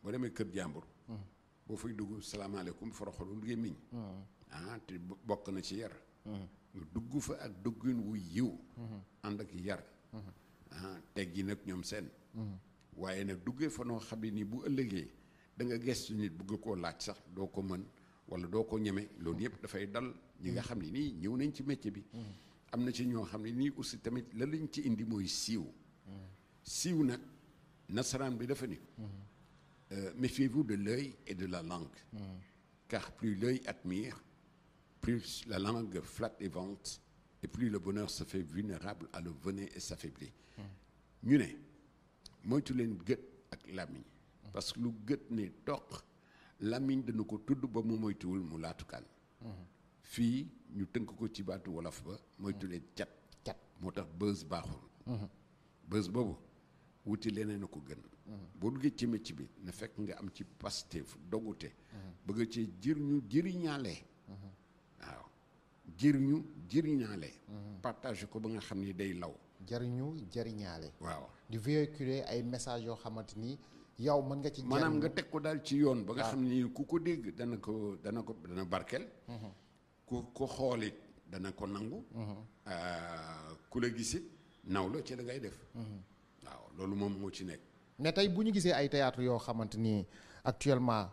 boo demee kër jàmbur boo fay dugg salaamaaleykum foroxalul gémmiñ mm-hmm. ah, te bokk na ci yar mm-hmm. nga dugg fa ak duggin wu yiw mm-hmm. ànd ak yar ah teggi nag ñoom seen waaye nag dugge fa noo xam ne nii bu ëllëgee danga nga gestu nit bugg koo laaj sax doo ko mën wala doo ko ñeme loolu yëpp dafay dal ñi nga xam ne nii ñëw nañ ci métier bi am na ci ñoo xam ne nii aussi tamit la lañ ci indi mooy siiw siiw nag nasaraan bi dafa ni euh, méfiez-vous de l'œil et de la langue. Mmh. Car plus l'œil admire, plus la langue flatte et vante, et plus le bonheur se fait vulnérable à le venin et s'affaiblit. Hmm. ñu ne moytu leen gët ak làmmiñ hmm. parce que lu gët ne toq làmmiñ dana ko tudd ba mu moytuwul mu laatukaan. Hmm. fii ñu tënk ko ci baatu wolof ba leen cat cat moo tax bës baaxul. bës boobu wuti leneen a ko gën. boo duggee ci métier bi na fekk nga am ci Pastef dogute bëgg ci jëriñu jëriñaale waaw jëriñu jëriñaale partage ko ba nga xam ni day law jëriñu jëriñaale waaw di véhiculer ay message yoo xamante ni yow mën nga ci maanaam nga teg ko daal ci yoon ba nga xam ni ku ko dégg dana ko dana ko dana barkel mhm. ku ko xoolit dana ko nangu mhm. euh, ku la gisit naw la ci da ngay def mhm. waaw loolu moom moo ci nekk mais tey bu ñu gisee ay théâtre yoo xamante ni actuellement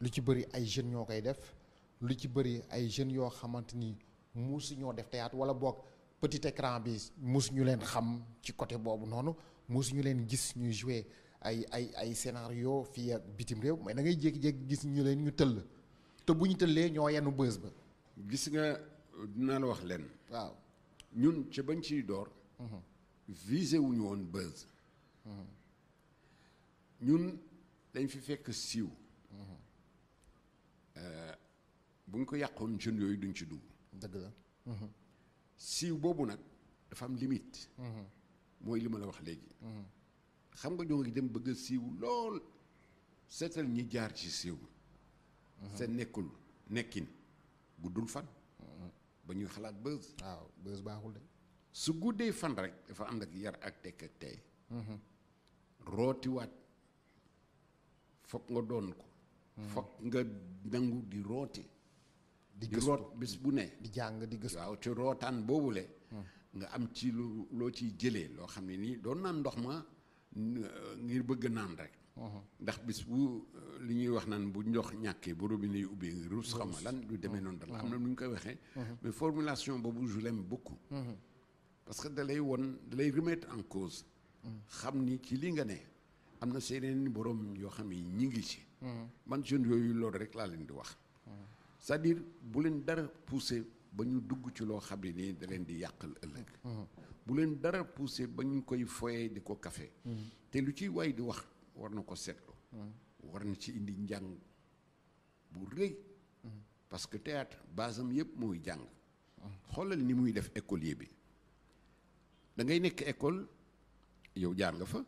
lu ci bëri ay jeunes ñoo koy def lu ci bëri ay jeunes yoo xamante ni musu ñoo def théâtre wala boog petit écran bi musu ñu leen xam ci côté boobu noonu musu ñu leen gis ñuy jouer ay ay ay scénario fii ak bitim réew mais da ngay jékki-jékki gis ñu leen ñu tëll te bu ñu tëllee ñoo yenn bës ba. gis nga dinaa la wax leen. waaw ñun ca bañ ciy door. Mhm. visé wuñu woon bës. Mhm. ñun dañ fi fekk siiw mhm. euh, bu ñu ko yàqoon jeunes yooyu duñ ci dugg. dëgg la. Mhm. siiw boobu nag dafa am limite. Mhm. mooy li ma la wax léegi. xam nga ñoo ngi dem bëgg siiw lool seetal ñi jaar ci siiw. seen nekkul nekkin guddul fan. ba ñuy xalaat bës. waaw baaxul de. su guddee fan rek dafa am nag yar ak tekk ak tey. rootiwaat. foog nga doon ko hmm. foog nga nangu di rooti di root bis bu ne di jàng di gëstu waaw ci rootaan boobule hmm. nga am ci lu loo ci jëlee loo xam ne nii doon naan ndox ma ngir bëgg naan rek hmm. ndax bis bu euh, li ñuy wax naan bu ndox ñàkkee bu robinet yu ubbee nga ruus xam lan lu demee noonu dal xam na nu ñu koy waxee mais formulation boobu je l'aime beaucoup parce que da won da lay en cause xam ni ci li nga ne am na seeneen borom yoo xam ne ñi ngi ci. man jeunes yooyu loolu rek laa leen di wax. cest à buleen dara poussé ba ñu dugg ci loo xam ne nii da leen di yàqal ëllëg. bu leen dara poussé ba ñu koy foyee di ko kafe. te lu ci waay di wax war na ko seetlu. war na ci indi njàng bu rëy. parce que théâtre basam am yëpp mooy jàng. xoolal ni muy def écolier bi da ngay nekk ecole yow jaar nga fa.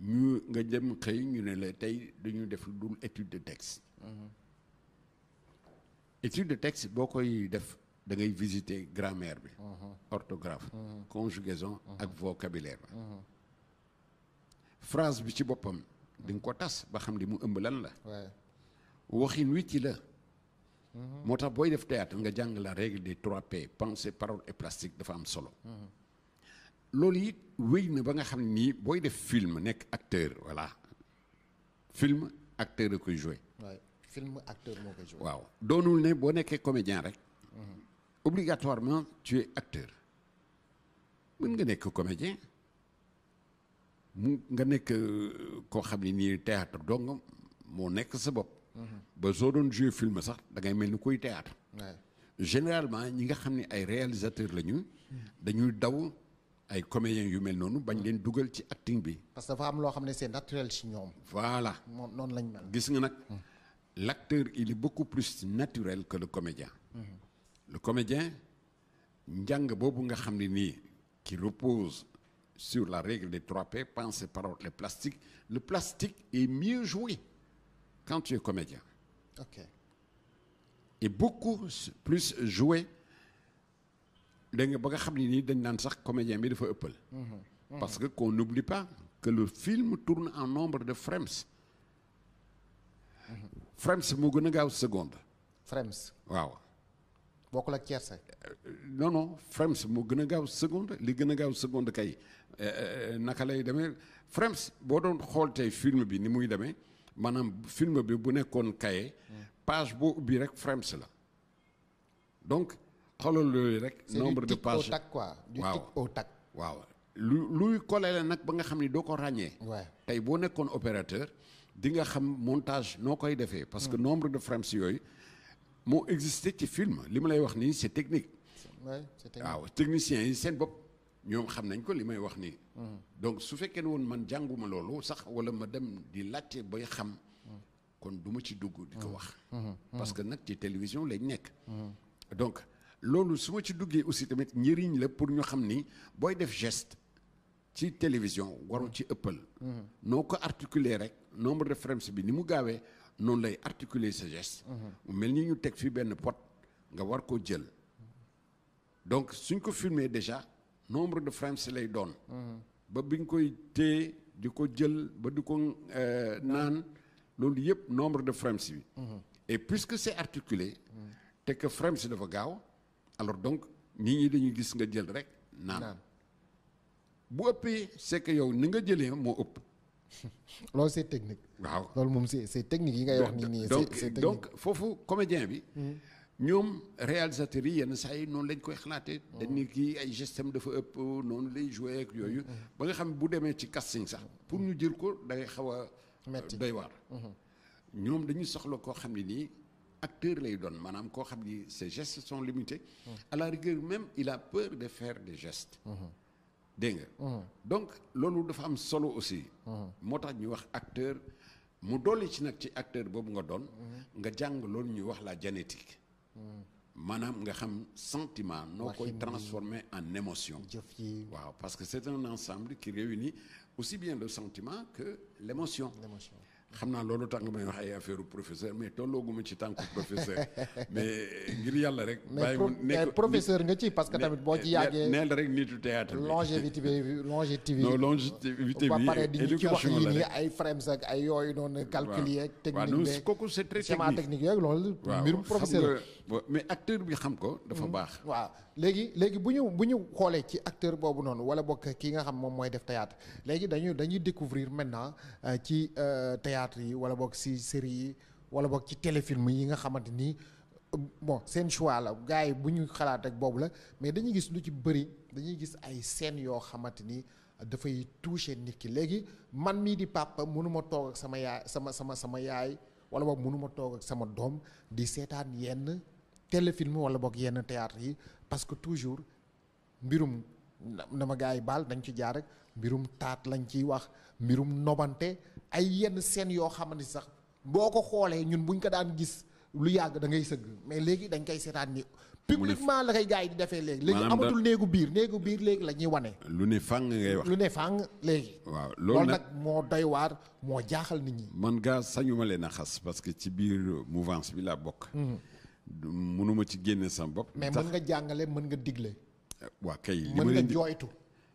ñu nga jëm xëy ñu ne la tey dañu def lu dul étude de texte. Mm-hmm. étude de texte boo koy def da ngay visiter grammaire bi. Mm-hmm. orthographe. Mm-hmm. conjugaison ak vocabulaire bi. phrase bi ci boppam. di ko tas ba xam di mu ëmb lan la. waxin wi ci la. moo tax booy def théâtre nga jàng la règle des trois P pensée parole et plastique dafa am solo. loolu it wéy na ba nga xam nii booy def film nekk acteur voilà film acteur la koy film acteur moo waaw doonul ne boo nekkee comédien rek. Mhm. obligatoirement tu acteur mën nga nekk comédien mu nga nekk euh, koo xam ne nii théâtre dong moo nekk sa bopp. Mhm. ba soo doon joué film sax da ngay mel ni kuy théâtre généralement ñi nga xam ni ay réalisateur lañu mhm. dañuy daw. ay comédiens yu mel noonu bañ leen dugal ci acting bi. parce que dafa am loo xam ne c'est naturel ci ñoom. voilà moom noonu lañ mel. gis nga nag l'acteur il est beaucoup plus naturel que le comédien. Mm-hmm. le comédien njàng boobu nga xam ne nii qui repose sur la règle des trois P pensée parole et plastique le plastique est mieux joué quand tu es comédien. ok et beaucoup plus joué. dégg nga ba nga xam ni nii dañ naan sax comédien bi dafa ëppal. Mm-hmm. parce que qu'on n'oublie pas que le film tourne en nombre de frames. Mm-hmm. frames moo gën a gaaw seconde. frames waaw. bokkul ak tiercé. Euh, non non frames moo gën a gaaw seconde li gën a gaaw seconde kay euh, euh, naka lay demee frames boo doon xool tey film bi ni muy demee maanaam film bi bu nekkoon kaye mm. page boo ubbi rek frames la xoolal yooyu rek. nombre de pages du quoi. du tic waaw lu luy collé nag ba nga xam ni doo ko ràññee. waaw tey boo nekkoon opérateur di nga xam montage noo koy defee. parce que mm. nombre de frames yooyu moo existé ci film li ma lay wax nii c'est technique. waaw technicien yi seen bopp ñoom xam nañ ko li may wax nii. Mm. donc su fekkee ne woon man jànguma loolu sax wala ma dem di laajte bay xam. Mm. kon duma ci dugg di ko wax. Mm-hmm. parce que nag ci télévision lañ nekk. donc. loolu su ma ci duggee aussi tamit njëriñ la pour ñu xam ni booy def gest ci télévision waru ci ëppal mm-hmm. noo ko articuler rek nombre de frames bi ni mu gaawee noonu lay articuler sa geste mm-hmm. mu mel ni ñu teg fi benn pot nga war koo jël donc suñ ko filmer déjà nombre de frames lay doon mm-hmm. ba bi koy tee di ko jël ba di ko euh, naan loolu yëpp nombre de frames bi et puisque c'est articulé te que frames dafa gaaw alors donc nit ñi dañuy gis nga jël rek naan bu ëppee c'est yow ni nga jëlee moo ëpp <laughs> loolu c'est technique waaw loolu moom c'est c'est technique yi ngay wax nii nii c'est technique donc foofu comédien bi hmm. ñoom réalisateurs yi yenn saa yi noonu lañ koy xalaatee hmm. dañ ni kii ay gestem dafa ëpp noonu lay joué yooyu hmm. ba nga xam bu demee ci casting sax pour ñu jël ko dangay xaw a metti euh, doy waar ñoom dañuy soxla koo xam nii acteur lay doon maanaam koo xam ni ses gest son limités à la rigueur même il a peur de faire de gestes dégg nga donc loolu dafa am solo aussi moo tax ñu wax acteur mu doole ci nag ci acteur boobu nga doon nga jàng loolu ñuy wax la génétique maanaam nga xam sentiment noo koy transformer en émotion waaw parce que c'est un ensemble qui réunit aussi bien le sentiment que l'émotion xam naa loolu tax nga may wax ay affaire professeur mais tollooguma ci tànku professeur <laughs> mais eh, ngir yàlla rek. bàyyi mu nekk eh, professeur nga ci parce que tamit boo ci eh, yàggee. neel rek nitu théâtre bi longévité bi longévité bi. non longévité ci éducation la rek ay frames ak ay yooyu noonu. calcul yeeg technique beeg yooyu loolu. mbirum professeur mais acteur bi xam ko. dafa hmm. baax. waaw léegi léegi bu ñu bu ñu xoolee ci acteur boobu noonu wala bokk ki nga xam moom mooy def théâtre léegi dañuy dañuy découvrir maintenant euh, ci euh, théâtre yi wala bokk si série yi wala bokk ci téléfilm yi nga xamante ni euh, bon seen choix la gars yi bu ñu xalaat rek boobu la mais dañuy gis lu ci bëri dañuy gis ay seen yoo xamante ni. dafay touché nit ki léegi man mii di papa mënuma toog ak sama yaay sama sama sama yaay wala boog mënuma toog ak sama doom di seetaan yenn téléfilm wala boog yenn théâtre yi parce que toujours mbirum dama gars yi baal dañu ci jaar rek mbirum taat lañ ciy wax mbirum nobante ay yenn scène yoo xam ne sax boo ko xoolee ñun buñ ko daan gis lu yàgg da ngay sëgg mais léegi dañ koy seetaan ni publiquement la koy gars yi di defee léegi léegi amatul néegu biir néegu biir léegi la ñuy wane lu ne fàng ngay wax lu ne fàng léegi waaw loolu nag moo doy waar moo jaaxal nit ñi man gaa sañuma leen a xas parce que ci biir mouvance bi laa bokk hmm. mënuma ci génne sama bopp. mais mën nga jàngale mën nga digle. Eh, waa kay li ma leen di nga jooytu.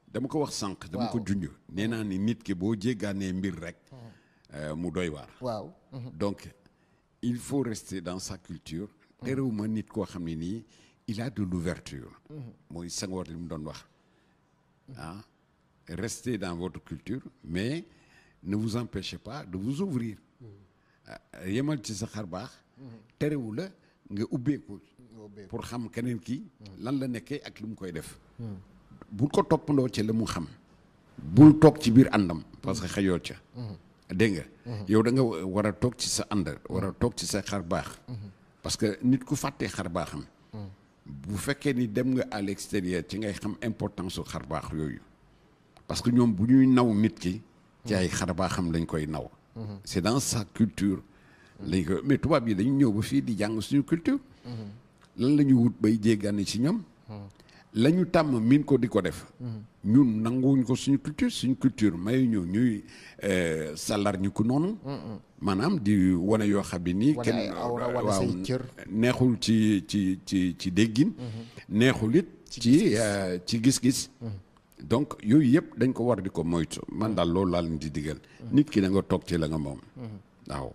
dama ko wax sànq. dama ko junj. nee naa ni nit ki boo jéggaanee mbir rek. Hmm. Eh, mu doy waar. waaw mhm. donc il faut rester dans sa culture. Hmm. terewuma nit koo xam ne nii il a de l'ouverture hmm. mooy Senghor li mu doon wax ah dans votre culture mais ne vous empêchez pas de vous ouvrir ah, yemal ci sa xar baax terewu la nga ubbeeku pour xam keneen ki lan la nekkee ak lu mu koy def bul ko toppandoo ci la mu xam bul toog ci biir àndam parce que xëyoo ca dégg nga yow da nga war a toog ci sa ànd war a toog ci sa xar baax parce que nit ku fàttee xar baax baaxam bu fekkee ni dem nga à l'extérieur ci ngay xam importance su xar baax yooyu parce que ñoom bu ñuy naw nit ki ci ay xar baaxam lañ koy naw c'est dans sa culture léegi mais tubaab yi dañu ñëw ba fii di jàng suñu culture. lan la wut bay jéggaani ci ñoom. lañu tàmm miin ko di ko def. ñun nanguwuñ ko suñu culture suñu culture mayu ñëw ñuy eh, salar ñu ko noonu. maanaam di wane yoo xam ne nii. kenn waaw neexul ci ci ci ci déggin. neexul it ci eh, ci gis-gis. donc yooyu yëpp dañ ko war di ko moytu man daal loolu laa di digal. nit ki da nga toog ci la nga moom. waaw.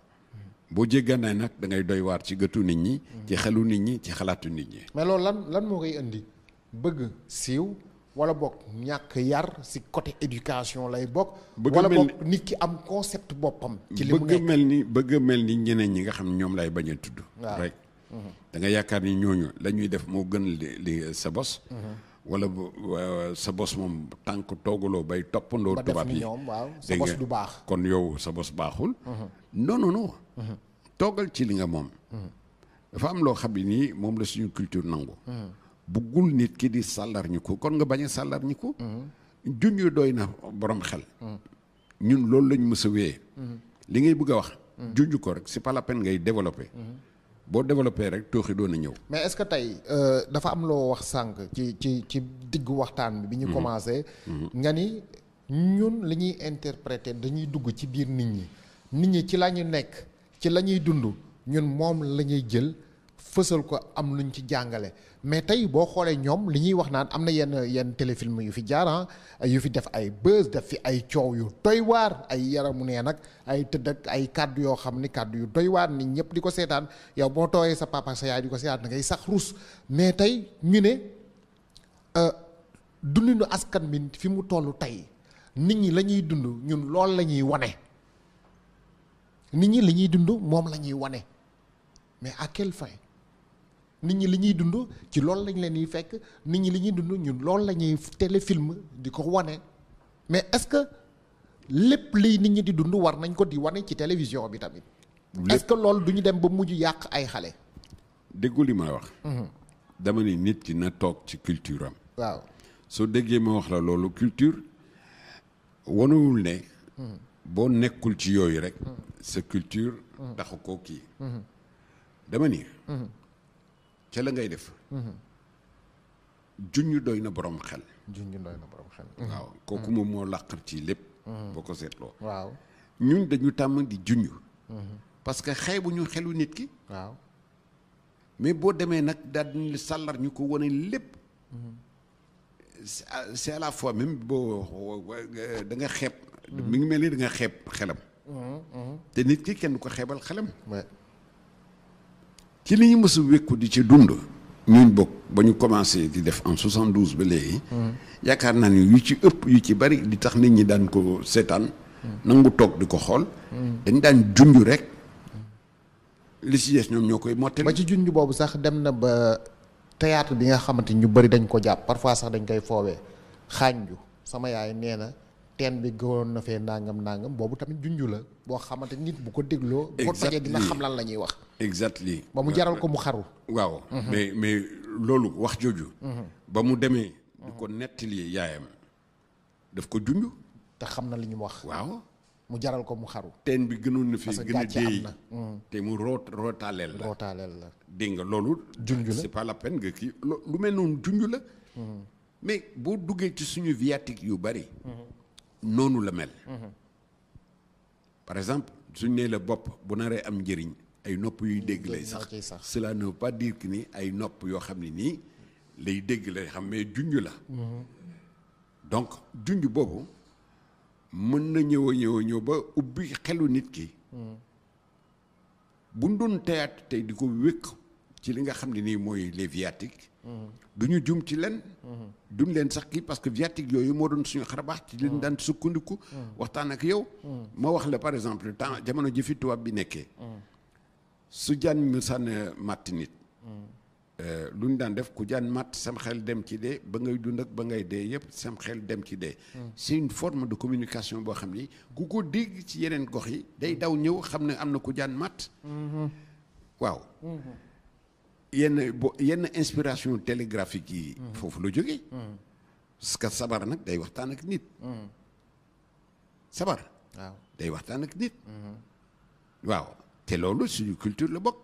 boo jégganee nag dangay doy waar ci gëtu nit ñi. ci xelu nit ñi ci xalaatu nit ñi. meloo lan lan moo koy indi bëgg siiw wala bokk ñàkk yar si côté éducation lay bokk. bëgg wala nit ki am concept boppam. ci li mu mel ni bëgg mel ni ñeneen ñi nga xam ñoom lay bañ a tudd. rek mhm. da nga yaakaar ni ñooñu lañuy def moo gën li li sa bos. Mhm. wala sa bos moom tànk toogaloo bay toppandoo. tubaab yi ba def ni sa bos du baax kon yow sa bos baaxul. Mhm. non non mhm. toogal ci li nga moom. Mhm. dafa am loo xam ne nii moom la suñu culture nangu. Mhm. buggul nit ki di sàllar ko kon nga bañ a sàllar ñi ko. junj doy na borom xel. ñun loolu lañ mës a li ngay bëgg a wax. ju ko rek si pas ngay développer. boo développé rek tooxi doon na ñëw. mais est que tey euh, dafa am loo wax sànq ci ci ci diggu waxtaan bi. bi ñu commencé. nga ni ñun li ñuy interpréter dañuy dugg ci biir nit ñi. nit ñi ci la ñu nekk ci la ñuy dund ñun moom la ñuy jël fësal ko am luñ ci jàngale mais tey boo xoolee ñoom li ñuy wax naan am na yenn yenn téléfilm yu fi jaar ah, yu fi def ay bës def fi ay coow yu doy waar ay yaramu nee nag ay tëdd ak ay kàddu yoo xam ni kàddu yu doy nit ñëpp di ko seetaan yow boo tooyee sa papa sa yaay di ko seetaan da ngay sax rus mais tey ñu ne euh, dundinu askan bi fi mu toll tey nit ñi la ñuy dund ñun loolu la ñuy wane. nit ñi li ñuy dund moom la ñuy wane mais à quelle fin nit ñi li ñuy dund ci loolu lañ leen di fekk nit ñi li ñuy dund ñun loolu la ñuy téléfilm di ko wane mais est-ce que lépp liy nit ñi di dund war nañ ko di wane ci télévision bi tamit. est-ce que loolu du ñu dem ba mujj yàq ay xale. déggu li may wax. Mhm. dama ni nit ki na toog ci culture am. waaw soo déggee ma wax la loolu culture wanewul ne. Mhm. boo nekkul ci yooyu rek. sa culture. taxu koo kii. dama ni. ca la ngay def. junj doy na borom xel. junj doy na borom waaw kooku moom moo làqar ci lépp. boo ko seetloo. waaw ñun dañu tàmm di junj. parce que xëy bu ñu xelu nit ki. mais boo demee nag daal di sàllar ñu ko wane lépp. c'est à la fois même boo da nga xeeb. Mm-hmm. mi ngi mel nii da nga xeeb xelam. Mm-hmm. te nit ki kenn du ko xeebal xelam. ci li ñu mës a wékku di ci dund. ñun bokk ba ñu commencé di def en 72 ba léegi. Mm-hmm. yaakaar naa ni yu ci ëpp yu ci bari di tax nit ñi daan ko seetaan. nangu toog di ko xool. dañ daan junj rek. li si yees ñoom ñoo koy mottali. ba ci junj boobu sax dem na ba théâtre bi nga xamante ñu bari dañ ko jàpp parfois sax dañ koy xaañ xaanju sama yaay nee na. teen bi gënoon na fee nangam nangam boobu tamit junju la boo xamante nit bu ko dégloo. boo tojee dina xam lan la ñuy wax. exactly ba mu jaral ko mu xaru. waaw mhm. mais mais loolu wax jooju. Mhm. ba mu demee. Mhm. di ko nettali yaayam daf ko junj. te xam na li ñu wax. waaw mu jaral ko mu xaru. teen bi gënoon na fee gën a dee te mu root rootaaleel la rootaaleel dégg nga loolu. junj la lu mel noonu junj la. mais boo duggee ci suñu viatique yu bari. noonu la mel. par exemple suñ nee la bopp bu naree am njëriñ ay nopp yuy dégg lay sax cela ne veut pas dire que ni ay nopp yoo xam ne nii lay dégg lay xam mais junj la. donc junj boobu mën na ñëw a ñëw ñëw ba ubbi xelu nit ki. Hmm. bu doon teyaat tey di ko wékk ci li nga xam ne nii mooy les viatiques. du ñu jum ci leen. duñ leen sax kii parce que viatique yooyu moo doon suñu xarabaax ci leen daan sukkandiku. waxtaan ak yow. ma wax la par exemple temps jamono ji fi tubaab bi nekkee. su jaan mu matt nit. Euh, lu ñu daan def ku jaan matt sam xel dem ci dee ba ngay dund ak ba ngay dee yëpp sam xel dem ci dee. c'est une forme de communication boo xam ni ku ko dégg ci yeneen gox yi day daw ñëw xam ne am na ku jaan matt. Mm-hmm. yenn yenn inspiration télégraphique yi. foofu la jógee. parce sabar nag day waxtaan ak nit. sabar. day waxtaan ak nit. Mhm. waaw te loolu suñu culture la bokk.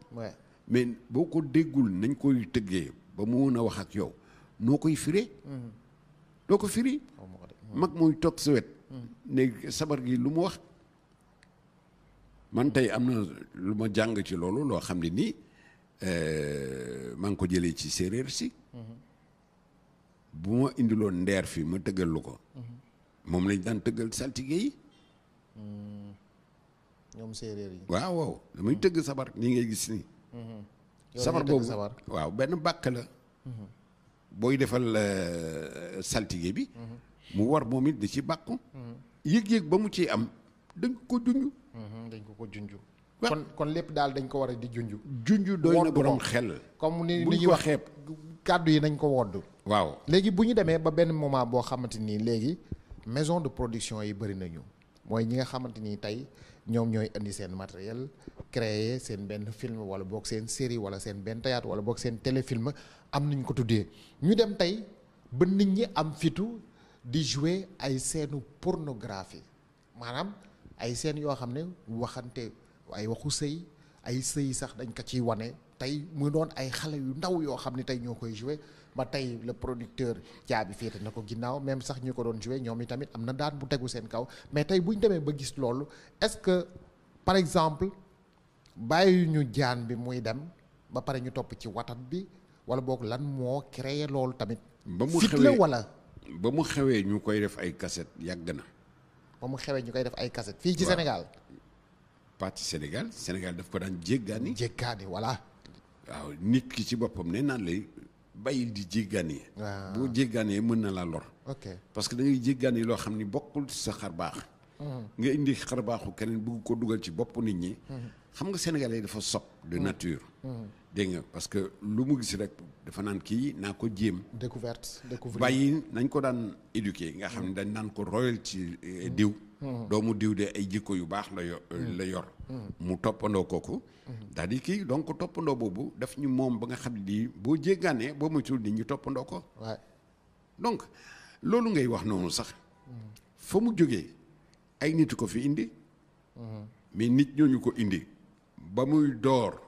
mais boo ko déggul nañ koy tëggee ba mu mën a wax ak yow noo koy fire doo mhm. ko firi. Mhm. mag mooy toog sa wet. ne sabar gi lu mu wax. man tey am na lu ma jàng ci loolu loo xam ne nii. Euh, maa ngi ko jëlee ci séeréer si mm-hmm. bu ma indiloon ndeer fi ma tëggal lu ko mm-hmm. moom lañ daan tëggal saltige yi mm-hmm. ñoom séeréer waaw waaw damay tëgg sabar nii ngay gis nii sabar boobu waaw benn bàkk la booy defal euh, saltige bi mu war moom it di ci bàkku yëg-yëg ba mu ci am dañ ko junj dañ ko ko junj kon kon lépp daal dañ ko war a di junju junj doy na borom xel. comme ni ni ñuy waxee kàddu yi nañ ko wodd waaw léegi bu ñu demee ba benn moment boo xamante nii léegi maison de production yi bëri nañu mooy ñi nga xamante nii tey ñoom ñooy indi seen matériel créer seen benn film wala boog seen série wala seen benn théâtre wala boog seen téléfilm am nañ ko tuddee ñu dem tey ba nit ñi am fitu di jouer ay seenu pornographie maanaam ay seen yoo xam ne waxante ay waxu sëy ay sëy sax dañ ko ciy wane tey muy doon ay xale yu ndaw yoo xam ne tey ñoo koy joué ba tey le producteur caabi féete na ko ginnaaw même sax ñu ko doon joué ñoom i tamit am na daan bu tegu seen kaw mais tey bu ñu demee ba gis loolu est-ce que par exemple bàyyi ñu jaan bi muy dem ba pare ñu topp ci watat bi wala boog lan moo créé loolu tamit. ba mu xewee wala. ba mu xewee ñu koy def ay cassette yàgg na. ba mu xewee ñu koy def ay cassette. fii ci Sénégal parti Sénégal Sénégal daf ko daan jéggaani. jéggaani voilà. waaw nit ki ci boppam ne naan lay bàyyil di jéggaani. waaw ah. boo jéggaanee mën na laa lor. ok parce que da ngay jéggaani loo xam ni bokkul sa xar baax. Hmm. nga indi xar baaxu keneen bëgg ko dugal ci bopp nit ñi. Hmm. xam nga sénégalais dafa sob de hmm. nature. dégg nga parce que lu mu gis rek dafa naan kii naa ko jéem. découverte découvrir bàyyi nañ ko daan éduquer nga xam ne dañ naan ko royal ci eh, diw. Hmm. doomu diw de ay jikko yu baax la yor hmm. la yor hmm. mu toppandoo kooku c'est-à-dire kii donc toppandoo boobu def ñu moom ba nga xam ne lii boo jéggaanee boo moytuwul nit ñu toppandoo ko donc loolu ngay wax noonu sax fa mu jógee ay nit ko fi indi mais nit ñooñu ko indi ba muy door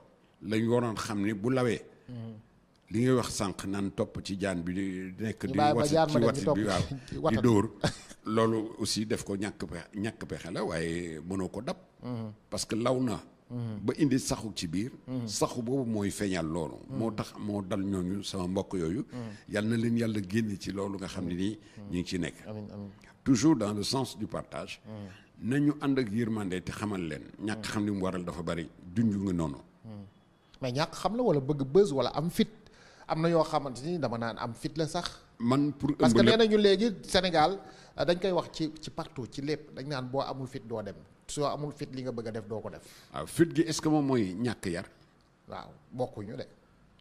lañ waroon xam ni bu lawee li ngay wax sànq naan topp ci jaan bi di nekk di wasi ci wati bi waaw <laughs> di dóor <laughs> loolu aussi def ko ñàkk pexe la waaye mënoo ko dab mhm. parce que law na mhm. ba indi saxu ci biir mhm. saxu boobu mooy feeñal loolu moo tax moo dal ñooñu sama mbokk yooyu yal na leen yàlla génn ci loolu nga xam ne nii ñu ngi ci nekk toujours dans le sens du partage nañu ànd ak yërmande te xamal leen ñàkk xam li mu waral dafa bari dunju nga noonu mais ñàkk xam la wala bëgg bës wala am fit am na yoo xamante ni dama naan am fit la sax. man pour parce que nee ñu léegi Sénégal euh, dañ koy wax ci ci partout ci lépp dañ naan boo amul fit doo dem soo amul fit li nga bëgg a def doo ko def. waaw ah, fit gi est-ce que moom mooy ñàkk yar. waaw bokkuñu de.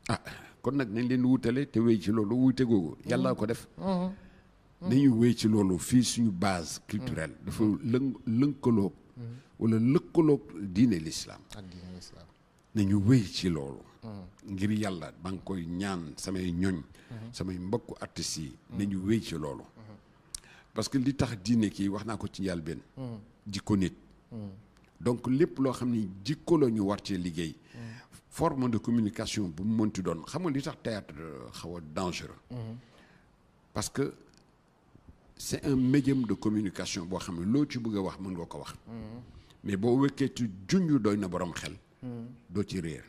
ah kon nag nañ leen wutale te wéy ci loolu wuute googu mm-hmm. yàlla ko def. Mm-hmm. Mm-hmm. nañu wéy ci loolu fii suñu base culturelle dafa lën lënkaloog wala lëkkaloog diine l'islam. ak diine l'islam wéy ci loolu. ngir yàlla ba nga koy ñaan samay ñoñ samay mbokku artistes yi nañu wéy ci loolu parce que li tax diine kii wax naa ko ci njàll benn jikko nit donc lépp loo xam ni jikko la ñu war cee liggéey forme de communication bu mu mënti doon xam nga li tax théâtre euh, xawa a dangereux parce que c'est un médium de communication boo xam ne loo ci bëgg a wax mën nga ko wax mais boo wekkee ci junj doy na borom xel doo ci réer.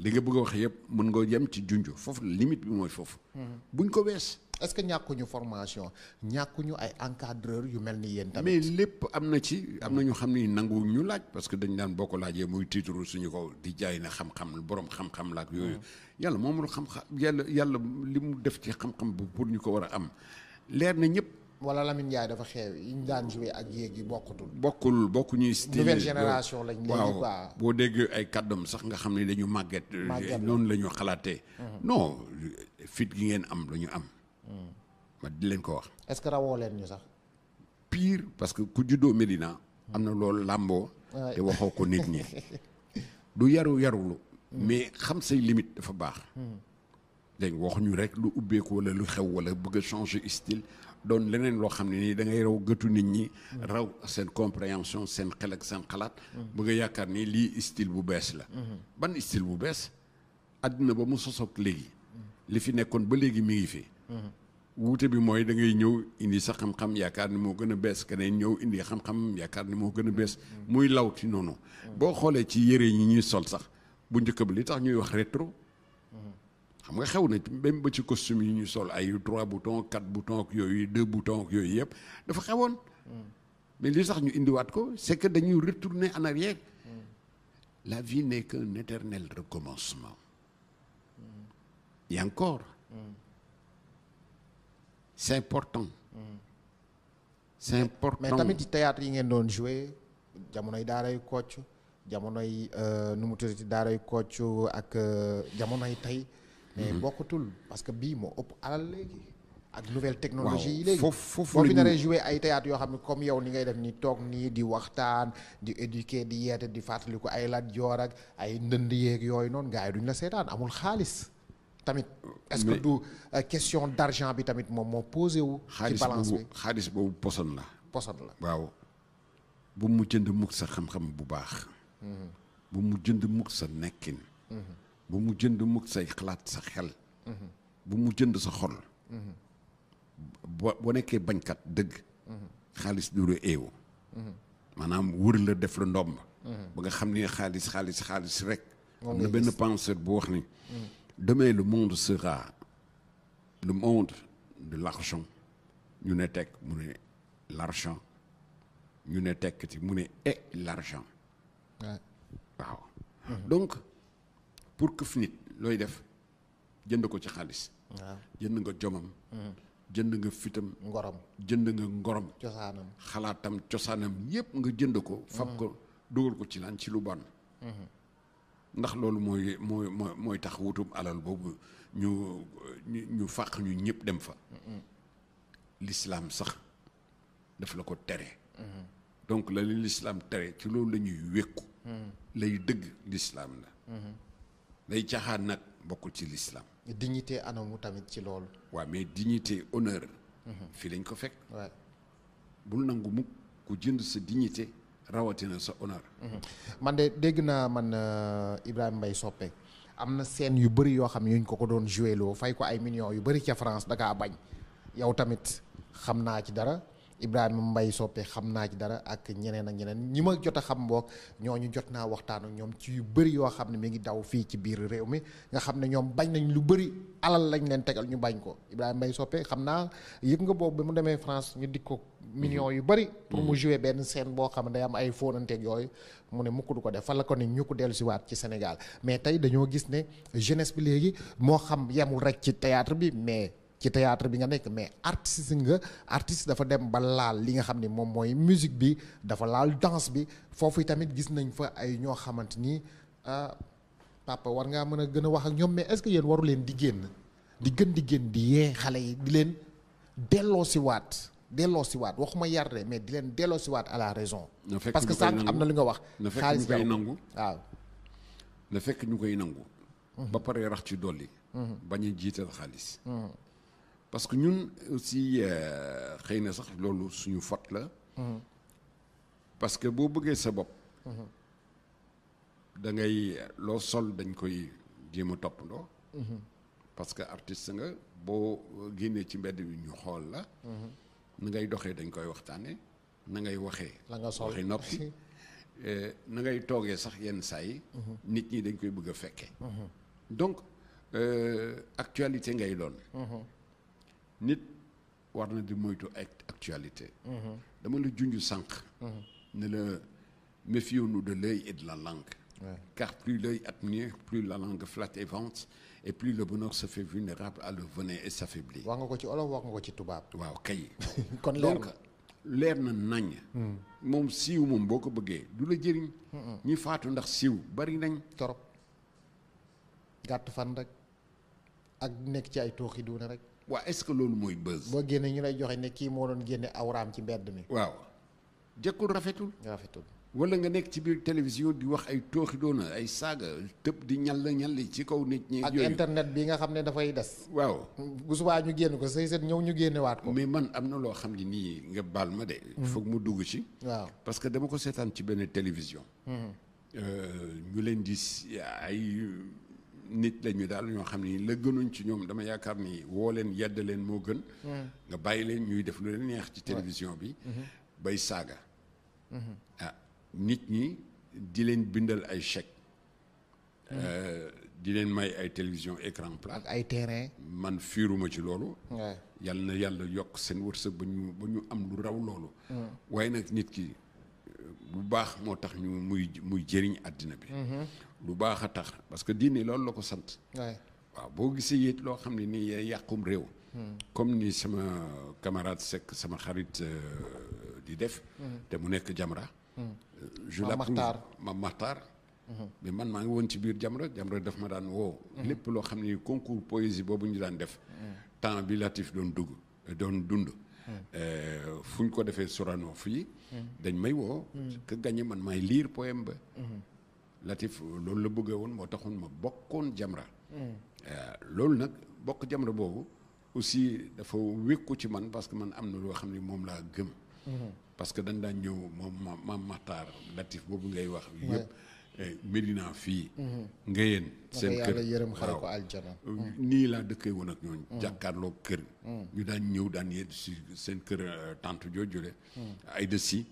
li nga bëgg a wax yëpp mën nga yem ci junj foofu limite bi mooy foofu. Hmm. ñu ko wees. est-ce que ñàkkuñu formation ñàkkuñu ay encadreur yu mel ni yéen tamit. mais lépp am na ci am na ñu xam ni nangu ñu laaj parce que dañ daan boo laajee muy titre suñu ko di jaay na xam-xam borom xam-xam la ak yooyu. Hmm. yàlla moomul xam-xam yàlla yàlla li mu def ci xam-xam bu pour ñu ko war a am leer na ñëpp. wala Lamine Ndiaye dafa xeew yi ñu daan joué ak yéeg yi bokkutul. bokkul bokkuñu style nouvelle génération lañ. léegi boo déggee ay kàddoom sax nga xam ne dañu màgget. Euh, noonu la ñu xalaatee. Mhm. non fit gi ngeen am lu ñu am. Mhm. ma di leen ko wax. est-ce que rawoo ñu sax. pire parce que ku juddoo Médina. Mhm. am na loolu làmboo. te waxoo ko nit ñi. <laughs> du yaru yarulu mais xam say limite dafa baax. dégg nga waxuñu rek lu ubbeeku wala lu xew wala bëgg a changer style. doon leneen loo xam ne nii da ngay raw gëtu nit ñi mm. raw seen compréhension seen xel ak seen xalaat mm. bëgg yaakaar nii lii style bu bees la mm-hmm. ban style bu bees àddina ba mu sosoog léegi mm. li fi nekkoon ba léegi mi ngi fi mm-hmm. wuute bi mooy da ngay ñëw indi sa xam-xam yaakaar ni moo gën a bees keneen ñëw indi xam yaakaar ni moo gën a bees mm-hmm. muy law ci noonu boo xoolee ci yëre yi ñuy sol sax bu njëkk bi li tax ñuy wax rétro xam nga xew na même ba ci costume yi ñu sol ay trois boutons quatre boutons ak yooyu deux boutons ak yooyu yëpp dafa xewoon hmm. mais li sax ñu indiwaat ko c'est que dañuy retourner en arrière hmm. la vie n'est qu'un éternel recommencement hmm. et encore c'est important c'est important mais tamit ci théâtre yi ngeen doon jouer jamonoy daaray kocc jamonoy euh, nu mu tuddati daaray kocc ak euh, jamonoy tey mais mhm. bokkutul parce que bii moo ëpp alal léegi. ak nouvelle technologie yi léegi foofu foofu boo fi ay théâtre yoo xam ne comme yow ni ngay def ni toog nii di waxtaan di éduquer di yeete di fàttaliku ay Lat Joor ak ay ndënd yeeg yooyu noonu gars yi duñ la seetaan amul xaalis. tamit est-ce que du euh, question d'argent bi tamit moom moo posé wu. ci xaalis boobu poson la. poson la waaw. bu mu jënd mukk sa xam-xam bu baax. Mhm. bu mu jënd mukk sa nekkin. Mhm. bu mu jënd mukk say xalaat sa xel bu mu jënd sa xol boo nekkee bañkat dëgg xaalis du la eewu maanaam wër la def la ndomb ba nga xam ni xaalis xaalis xaalis rek am na benn penseur bu wax ni mm-hmm. demain le monde sera le monde de l'argent ñu ne tekk mu ne l'argent ñu ne tekk ci mu ne et l'argent waaw mm-hmm. pour këf nit looy def jënd ko ci xaalis waaw jënd nga jomam mm-hmm. jënd nga fitam ngorom jënd nga ngorom cosaanam xalaatam cosaanam yépp nga jënd ko fab ko mm-hmm. dugal ko ci lan ci lu bon mm-hmm. ndax loolu mooy mooy mooy tax wutum alal boobu ñu ñu fàq ñu ñëpp dem fa lislaam sax daf la ko tere donc la lislaam tere ci loolu la ñuy wékku lay dëgg lislaam la lay caaxaan nag bokkul ci l'islam dignité anamu tamit ci loolu waaw mais dignité honneur mhm. fii lañ ko fekk bul nangu mukk ku jënd sa dignité rawatina sa honneur mhm. man de dégg naa man euh, Ibrahima mbay Sopé am na scène yu bari yoo xam yuñ ko ko doon joué loo fay ko ay millions yu bëri ca France da bañ yow tamit xam naa ci dara Ibrahima mbay soppee xam naa ci dara ak ñeneen ak ñeneen ñi ma jot a xam mbook ñoo ñu jot naa waxtaan ak ñoom ci yu bëri yoo xam ne mi ngi daw fii ci biir réew mi nga xam ne ñoom bañ nañ lu bëri alal lañ leen tegal ñu bañ ko Ibrahima mbay soppee xam naa yëg nga boobu bi mu demee France ñu dik ko millions yu bëri pour mu mm. jouer benn scène boo xam ne day am ay fóonanteeg yooyu mu ne mukk du ko def fa la ko ne ñu ko dellu siwaat ci Sénégal mais tey dañoo gis ne jeunesse bi léegi moo xam yemul rek ci théâtre bi mais ci théâtre bi nga nekk mais artiste nga artiste dafa dem ba laal li nga xam ni moom mooy musique bi dafa laal danse bi foofu yi tamit gis nañ fa ay ñoo xamante ni ah, papa war ngaa mën a gën a wax ak ñoom mais est-ce que yéen waru leen di génn di gën di génn di yee xale yi di leen delloo si waat delloo si waat waxuma yar de mais di leen delloo si waat à la raison parce que sànq am na lu nga wax xaalis koy nangu waaw na fekk ñu koy nangu mhm. ba pare rax ci dolli mhm. bañ a jiital xaalis mhm. parce que ñun aussi euh, xëy na sax loolu suñu fot la. Mhm. parce que boo bëggee sa bopp. Mhm. da ngay loo sol dañ koy jéem a toppandoo. Mhm. parce que artiste nga boo génnee ci mbedd bi ñu xool la. na ngay doxee dañ koy waxtaanee na ngay waxee. la nga sol waxi noppi <laughs> euh, na ngay toogee sax yenn saa yi. nit ñi dañ koy bëgg a fekkee. donc euh, actualité ngay doon. nit war na di moytu actualité mhm. dama la junj sànq mhm. ne la méfions-nous de l'œil et la langue ouais. car plus l'œil admire plus la langue flatte et vante et plus le bonheur se fait vulnérable à le venin et s'affaiblit wax nga ko ci olof wax nga ko ci tubaab waaw kay <laughs> kon donc leer na nañ hmm. moom siiw moom boo ko bëggee du la jëriñ ñi faatu ndax siiw bari nañ torop gàtt fan rek ak nekk ci ay tooxi duuna rek waa est-ce que loolu mooy buzz. boo génnee ñu lay joxe ne kii moo doon génne awraam ci mbedd mi. waaw jëkkul rafetul. rafetul wala nga nekk ci biir télévision di wax ay tooxi doona ay saaga tëb di ñal ñal ci kaw nit ñi. ak internet bii nga xam ne dafay des. waaw bu subaa ñu génn ko say seet ñëw ñu génnewaat ko. mais man am na loo xam ne nii nga baal ma de. Mm. foog mu dugg ci. waaw parce que dama ko seetaan ci benn télévision. Mm-hmm. Euh, ñu leen di ay. nit lañu daal ñoo xam ne la gënuñ ci ñoom dama yaakaar ni woo leen yedd leen moo gën. Mm. nga bàyyi leen ñuy def lu leen neex ci télévision bi. Mm-hmm. bay saaga. Mm-hmm. ah nit ñi di leen bindal ay chèques. Mm. Euh, di leen may ay télévision écran plat. ak ay terrain. man fiiruma ci loolu. yàlla yàlla yokk seen wërsëg ba ñu am lu raw loolu. Mm. waaye nag nit ki euh, bu baax moo tax ñu muy muy jëriñ àddina bi. Mm-hmm. lu baax a tax parce que diine loolu la ko sant. waaw boo gisee it loo xam ne nii yàqum réew. Hmm. comme ni sama camarade Seck sama xarit euh, di def. Hmm. te mu nekk Jamra. Hmm. Euh, je la ma Maxtaar mais man maa ngi woon ci biir Jamra Jamra daf ma daan woo. lépp loo xam ne concours poésie boobu ñu daan def. temps bi Latif doon dugg doon dund. Euh, fu ñu ko defee Sorano fii. dañ may woo. que gagné man maay lire poème ba. Latif loolu la bëggee woon moo taxoon ma bokkoon Jamra. Hmm. Euh, loolu nag bokk Jamra boobu aussi dafa wékku ci man parce que man am na loo xam ni moom laa gëm. Hmm. parce que dañ daan ñëw moom maam Maxtaar Latif boobu ngay wax. yëpp Eh, Medina fii. Mhm. Ngéyeen seen kër euh, mhm. nii laa dëkkee woon ak ñooñu. Mhm. jàkkaarloo kër. ñu daan ñëw daan yéen si seen kër euh, tante joojule. ay de si.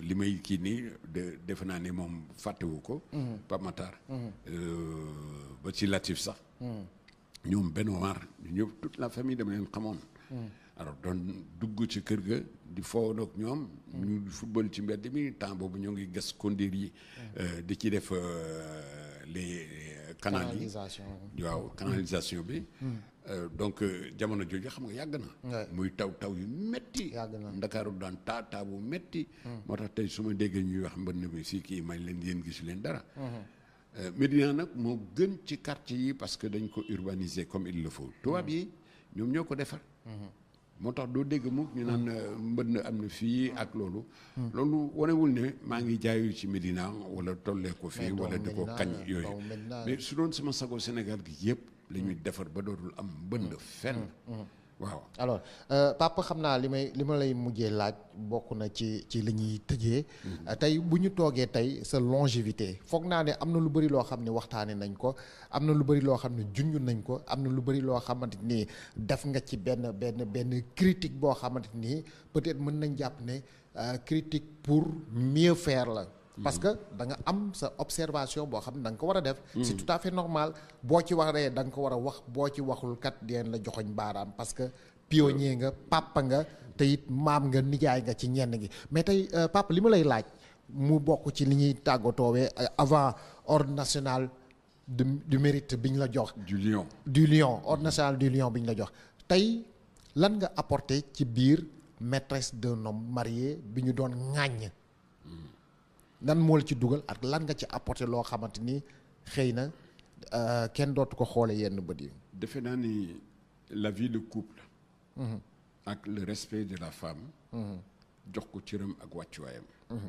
li may kii nii de defe naa ne moom fàttewu ko. Pape euh, ba ci Latif sax. ñoom benn waar ñu ñëw toute la famille dama leen xamoon. alors doon dugg ci kër ga. di foowoon ak ñoom. Mm. ñu football ci mbedd mi temps boobu ñoo ngi gas kondir yi. Mm. Euh, di ci def euh, les canal yi waaw canalisation bi. Mm. Euh, donc jamono jooju xam nga yàgg na. muy taw taw yu metti yàgg na ndakaaru daan taa taa bu metti moo tax tey su ma déggee ñuy wax mbënd mi si kii may leen yéen gisu leen dara. Mm-hmm. Médina nag moo gën ci quartier yi parce que dañ ko urbaniser comme il le faut. tubaab yi ñoom ñoo ko defar. Mm-hmm. moo tax doo dégg mu ñu naan mm. euh, mbënd am na fi mm. ak loolu mm. loolu wanewul ne maa ngi jaayu ci Médina wala tollee ko fii wala di ko kañ euh, yooyu mais su doon sama sago Sénégal gi yëpp la ñuy defar ba dootul am mbënd fen waaw alors euh, papa xam naa li may li ma lay mujjee laaj bokk na ci ci li ñuy tëjee. Mhm. Euh, tey bu ñu toogee tey sa longévité foog naa ne am na lu bëri loo xam ne waxtaanee nañ ko am na lu bëri loo xam ne junj nañ ko am na lu bëri loo xamante ni def nga ci benn benn benn critique boo xamante nii peut-être mën nañ jàpp ne euh, critique pour mieux fair la. parce que da nga am sa observation boo xam ne da ko war a def. Mm. c'est tout à fait normal boo ci waree da nga ko war a wax boo ci waxul kat deen la joxoñ baaraam parce que pionnier nga papa nga tey it maam nga nijaay nga ci ñenn gi mais tey euh, papa li ma lay laaj mu bokk ci li ñuy tàggatoowee euh, avant ordre national du mérite bi ñu la jox. du lion du lion du lion bi ñu la jox tey lan nga apporté ci biir maîtresse de homme marié bi ñu doon ŋàññ. nan moo la ci dugal ak lan nga ci apporter loo xamante ni xëy na euh, kenn dootu ko xoole yenn bët yi. defe naa ni la vie de couple. Mhm. ak le respect de la femme. Mhm. jox ko cëram ak wàccuwaayam. Mhm.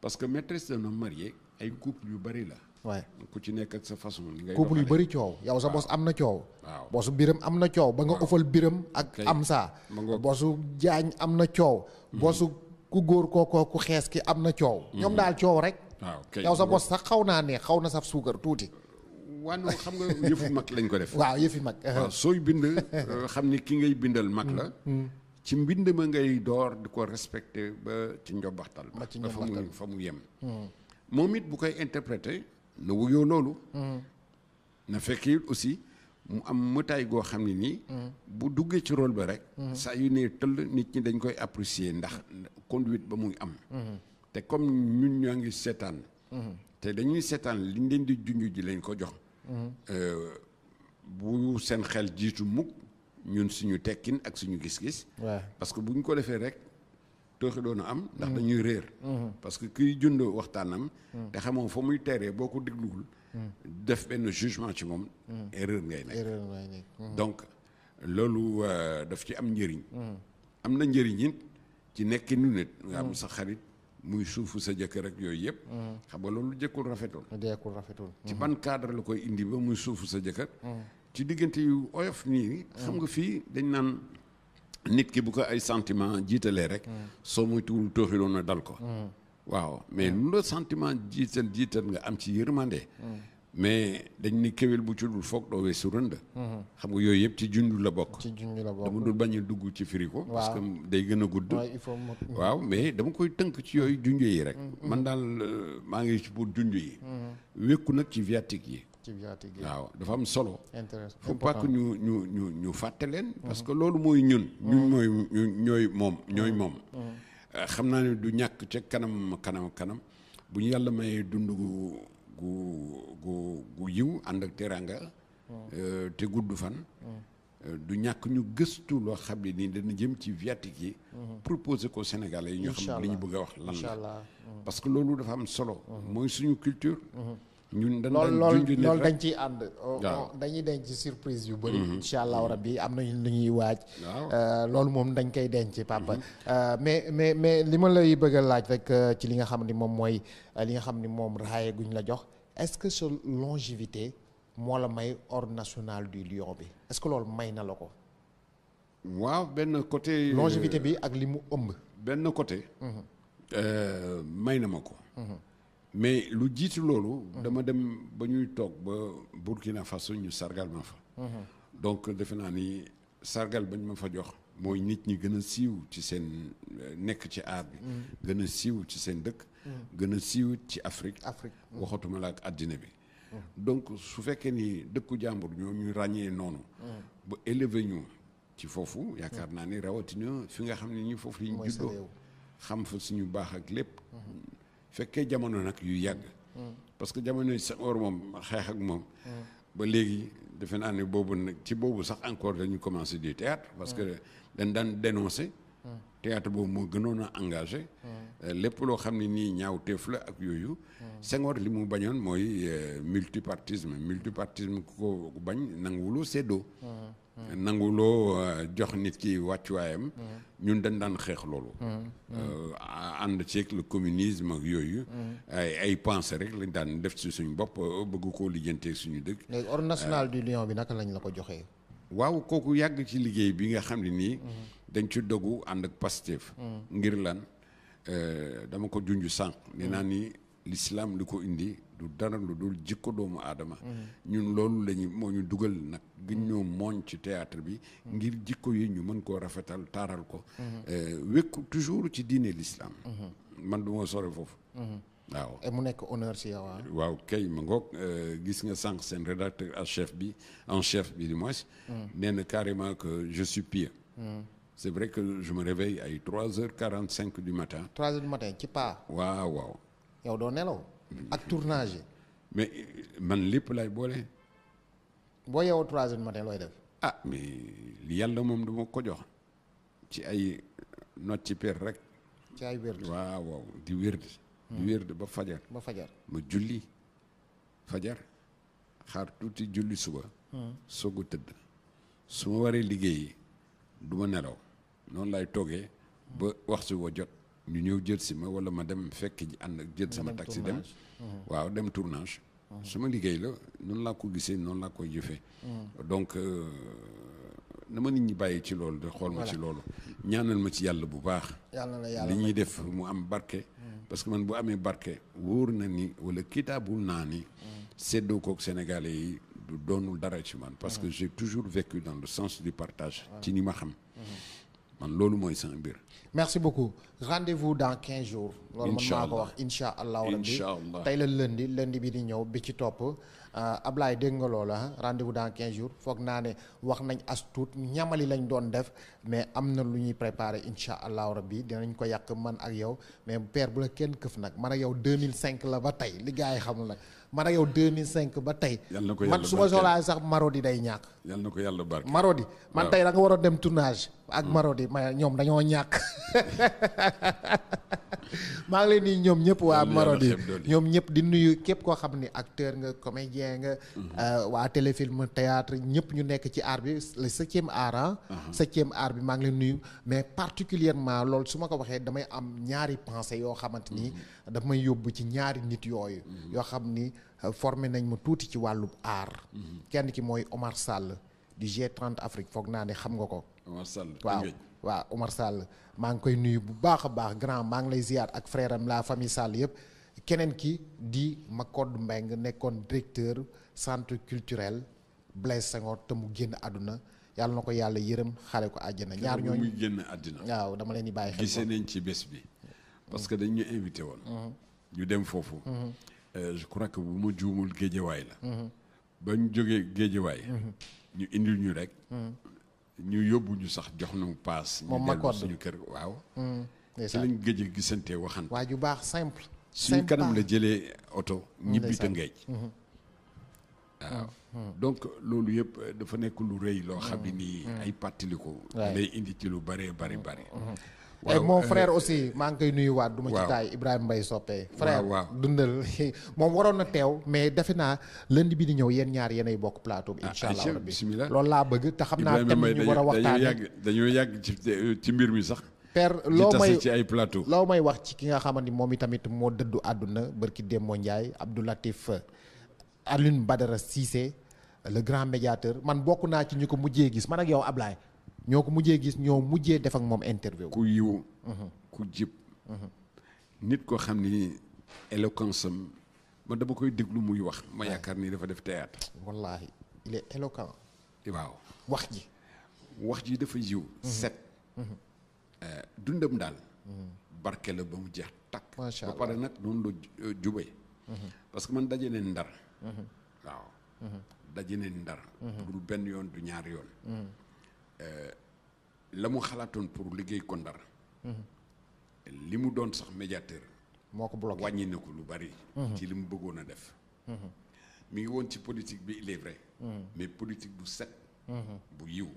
parce que maîtresse d'un homme marié ay couple yu bari la. waaw ku ci nekk ak sa façon. li ngay couple yu bari coow yow sa bos am na coow. waaw biram am na coow. ba nga ëffal biram ak am saa. bosu jaañ am na coow. bosu ku góor kookoo ku xees ki am na coow. Mhm. ñoom daal coow rek. Ah, yow sa bos sax xaw naa ne xaw na saf suukar tuuti. waaw xam nga yëfu mag lañ ko def. <laughs> waaw yëfi mag. waaw sooy bind euh, xam ni ki ngay bindal mag la. Mm-hmm. Mm-hmm. ci mbind ma ngay door di ko respecte ba ci njobbaxtal. ba ci njobbaxtal fa mu yem. Mm-hmm. moom it bu koy interprété na wuyoo loolu. na fekk aussi. mu am mëtaay goo xam ne nii. Hmm. bu duggee ci rôle ba rek. Hmm. saa yu ne tëll nit ñi dañ koy apprécier ndax conduite ba muy am. Hmm. te comme ñun ñoo ngi seetaan. te dañuy seetaan liñ leen di junj ji lañ ko jox. Euh, bu seen xel jiitu mukk ñun suñu tekkin ak suñu gis-gis. parce que bu ñu ko defee rek tooxi doon am. ndax dañuy réer. parce que kuy jund waxtaanam. te xamoo fa muy teree boo ko dégluwul. def benn jugement ci moom. erreur ngay nekk mhm. donc loolu euh, daf ci am njëriñ. Mhm. am na njëriñ ci nekkinu nit. Mhm. nga am sa xarit muy suufu sa jëkkër ak yooyu yëpp. xam nga loolu jëkkul rafetul. jëkkul rafetul. ci ban cadre la koy indi ba muy suufu sa jëkkër. ci diggante yu oyof nii. xam nga fii dañ naan. nit ki bu ko ay sentiment jiitalee rek. soo moytuwul tooxiloon na dal ko. waaw mais lu la sentiment jiital jiital nga am ci yërmande mm. mais dañ ni kéwél bu ci dul foog doo weesu rënd mm-hmm. xam nga yooyu yëpp ci junj la bokk ci junj la bokk dama dul bañ a dugg ci firi ko parce que day gën a gudd waaw mais dama koy tënk ci yooyu junj yi rek mm-hmm. man daal euh, maa ngi ci pour junj yi mm-hmm. wékku nag ci viatique yi ci viatique yi waaw dafa am solo intéressant faut pas ñu ñu ñu ñu fàtte leen parce que loolu mooy ñun ñun mooy ñooy moom ñooy moom Euh, xam naa ne du ñàkk ca kanam kanam kanam bu ñu yàlla mayee dund gu gu gu gu yiw ànd ak teranga hmm. euh, te gudd fan hmm. euh, du ñàkk ñu gëstu loo xam ne nii dana jëm ci viatique yi hmm. proposé ko Sénégalais yi ñu xam li ñu bëgg a wax lan la parce loolu dafa am solo mooy suñu culture ñun dañ loolu loolu dañ ciy ànd. Oh, oh, dañuy denc surprise yu bëri. Mm-hmm. incha allahu rabbi am nañu lu ñuy waaj. Euh, loolu moom dañ koy denc papa. Mm-hmm. Euh, mais mais mais li ma lay bëgg a laaj rek euh, ci li nga xam ni moom mooy li nga xam ni moom raaye guñ la jox est-ce que sa longévité moo la may ordre national du lion bi est-ce que loolu may na la ko. waaw benn côté. longévité bi ak li mu ëmb. benn côté. Mm-hmm. may na ma ko. mais lu jiitu loolu. Mm-hmm. dama dem ba ñuy toog ba Burkina Faso ñu sargal ma fa. Mm-hmm. donc defe naa ni sargal bañ ma fa jox. mooy nit ñi gën siiw ci seen euh, nekk ci aar bi. Mm-hmm. gën siiw ci seen dëkk. gën a siiw ci Afrique. Afrique waxatuma la ak àddina bi. donc su fekkee ni dëkku jàmbur ñoo ñu ràññee noonu. ba élever ñu ci foofu. yaakaar naa ni rawatina fi nga xam ne ñi foofu. la ñu juddoo xam fa suñu baax ak lépp. fekkee jamono nag yu yàgg. Hmm. parce que jamono yi moom xeex ak moom. Hmm. ba léegi defe naa ni boobu nag ci boobu sax encore dañu commencé di théâtre parce que hmm. dañ daan dénoncer. théâtre boobu moo gënoon a engagé. Euh, lépp loo xam ne nii ñaaw teef la ak yooyu. Senghor li mu bañoon mooy euh, multipartisme multipartisme ku ko bañ loo séddoo. nanguloo euh, jox nit ki wàccuwaayam ñun dañ daan xeex loolu euh, ànd ceeg le communisme ak yooyu ay ay rek lañ daan def ci suñu bopp euh, bëgg koo lijjantee suñu dëkk léegi ordre national du lion bi naka lañ la ko joxee waaw kooku yàgg ci liggéey bi nga xam ne nii dañ ci doggu ànd ak Pastef mm. ngir lan dama ko junj sànq nee naa ni l'islam du ko indi du dara lu dul jikko doomu aadama mhm. ñun loolu la moo ñu dugal nag gën ñoo mhm. mooñ ci théâtre bi mhm. ngir jikko yi ñu mën koo rafetal taaral ko euh, wékku toujours ci diine l'islam man du ma sore foofu waaw mu nekk honneur si yow ah. waaw kay ma ngoog euh, gis nga sànq seen rédacteur en ah, chef bi en chef bi du moins nee na carrément que je suis pieux c'est vrai que je me réveille ay trois heures quarante cinq du matin trois heures du matin ci paa waaw waaw yow doo nelaw ak tournage mais man lépp lay boole. boo yeewoo trois heures du matin def. ah mais yàlla moom du ma ko jox ci ay not ci per rek. ci ay wérd waaw waaw di wérd. di hmm. ba fajar. ba fajar ma julli fajar xaar tuuti julli suba. Hmm. soo a tëdd. su ma waree liggéey duma nelaw noonu lay toogee ba wax suba jot. ñu ñëw jël si ma wala ma dem fekk ji ànd ak jël sama taxi dem mhm. waaw dem tournage mhm. suma liggéey la noonu laa ko gisee noonu laa koy jëfee mhm. donc euh, na ma nit ñi bàyyi ci loolu de xool ma ci loolu ñaanal ma ci yàlla bu baax li ñuy def mu am barke parce que man bu amee barke wóor na ni wala kitaabul naa ni seddoo kook sénégalais yi du doonul dara ci man parce que j'ai toujours vécu dans le sens du partage ci ni ma xam loolu mooy sama mbir. merci beaucoup rendez-vous dans 15 jours. incha allah loolu mën naa ko wax incha allah. incha allah tey la lëndi lundi bi di ñëw bi ci topp. Euh, Ablaye dégg nga loola rendez-vous dans quinze jours foog naa ne wax nañ as tuut ñamali lañ doon def mais am na lu ñuy préparé incha allahu rabbi dinañ ko yàq man ak yow mais père bu la kenn këf nag man ak yow 2005 la ba tey li gars yi xamul nag man ak yow 2005 ba tey. man su ma soxlaa sax Marodi day ñàkk. yal na ko yàlla barke Marodi man tey da nga dem tournage. ak mm. Marodi ma ñoom dañoo ñàkk. <laughs> maa ngi leen di ñoom ñëpp waa Marodi ñoom ñëpp di nuyu képp koo xam ni acteur nga comédien. comédien nga. Mhm. Euh, waa téléfilm théâtre ñëpp ñu nekk ci art bi le septième art ah. Mhm. septième bi maa ngi leen nuyu mais particulièrement lool su ma ko waxee damay am ñaari pensée yoo xamante ni mhm. daf may yóbbu ci ñaari nit yooyu. yoo xam ni euh, formé nañ ma tuuti ci wàllu art. kenn ki mooy Omar Sall du G30 Afrique foog naa ne xam nga ko. Omar Sall waaw. waaw Omar maa ngi koy nuyu bu baax a baax grand maa ngi lay ziar ak frère am famille Sall yëpp. keneen ki di Macodou Mbengue nekkoon directeur centre culturel Blaise Senghor te mu génn àdduna yàlla na ko yàlla yërëm xaare ko àjjana ñaar ñooñu génn àddina waaw dama leen di bàyyi xel gisee nañ ci bés bi parce que dañ invité woon mm-hmm. ñu dem foofu mm-hmm. euh, je bu ma juumul géejewaay la mm-hmm. ba ñu jógee géejewaay ñu indil ñu rek ñu yóbbu ñu sax jox nañu paas ñu dellu suñu kër waaw ci lañ géej gisante waxante waa ju baax simple suñu kanam la jëlee oto ñibbi Tëngéej mhm. waaw mhm. Mhm. donc loolu yëpp euh, dafa nekk lu rëy loo xam ne nii ay pàttaliku lay indi ci lu bëree bëri bëri waaw moom euh, frère aussi maa ngi koy nuyu du duma ci taay Ibrahima Mbaye Sopé. frère dundal <laughs> moom waroon na teew mais defe naa lundi bi di ñëw yéen ñaar yéenay bokk plateau bi. incha allah lool laa bëgg te xam naa. tamit ñu war a waxtaanee dañoo yàgg dañoo yàgg ci mbir mi sax. père loo may loo may wax ci ki nga xamante ni moom itamit moo dëddu àdduna bërki Demba Ndiaye Abdou Latif Alioune Badara Cissé le grand médiateur man bokk naa ci ñu ko mujjee gis man ak yow Ablaye ñoo ko mujjee gis ñoo mujjee def ak moom interview. ku yiw mhm. ku jib. Mhm. nit koo xam ni éloquence am dama koy déglu muy wax ma yaakaar ni dafa def théâtre wallaahi il est éloquent. waaw wax ji. wax ji dafa yiw mhm. set. Euh, dundam daal barke la ba mu jeex takk ba pare nag noonu la euh, mhm. parce que man daje neen ndar mhm. waaw mhm. daje ndar dul benn yoon du ñaar yoon euh, la mu xalaatoon pour liggéey ko ndar li mu doon sax médiateur moo ko bloqué wàññi na ko lu bari ci li mu bëggoon a def mu ngi woon ci politique bi il mais politique bu set bu yiw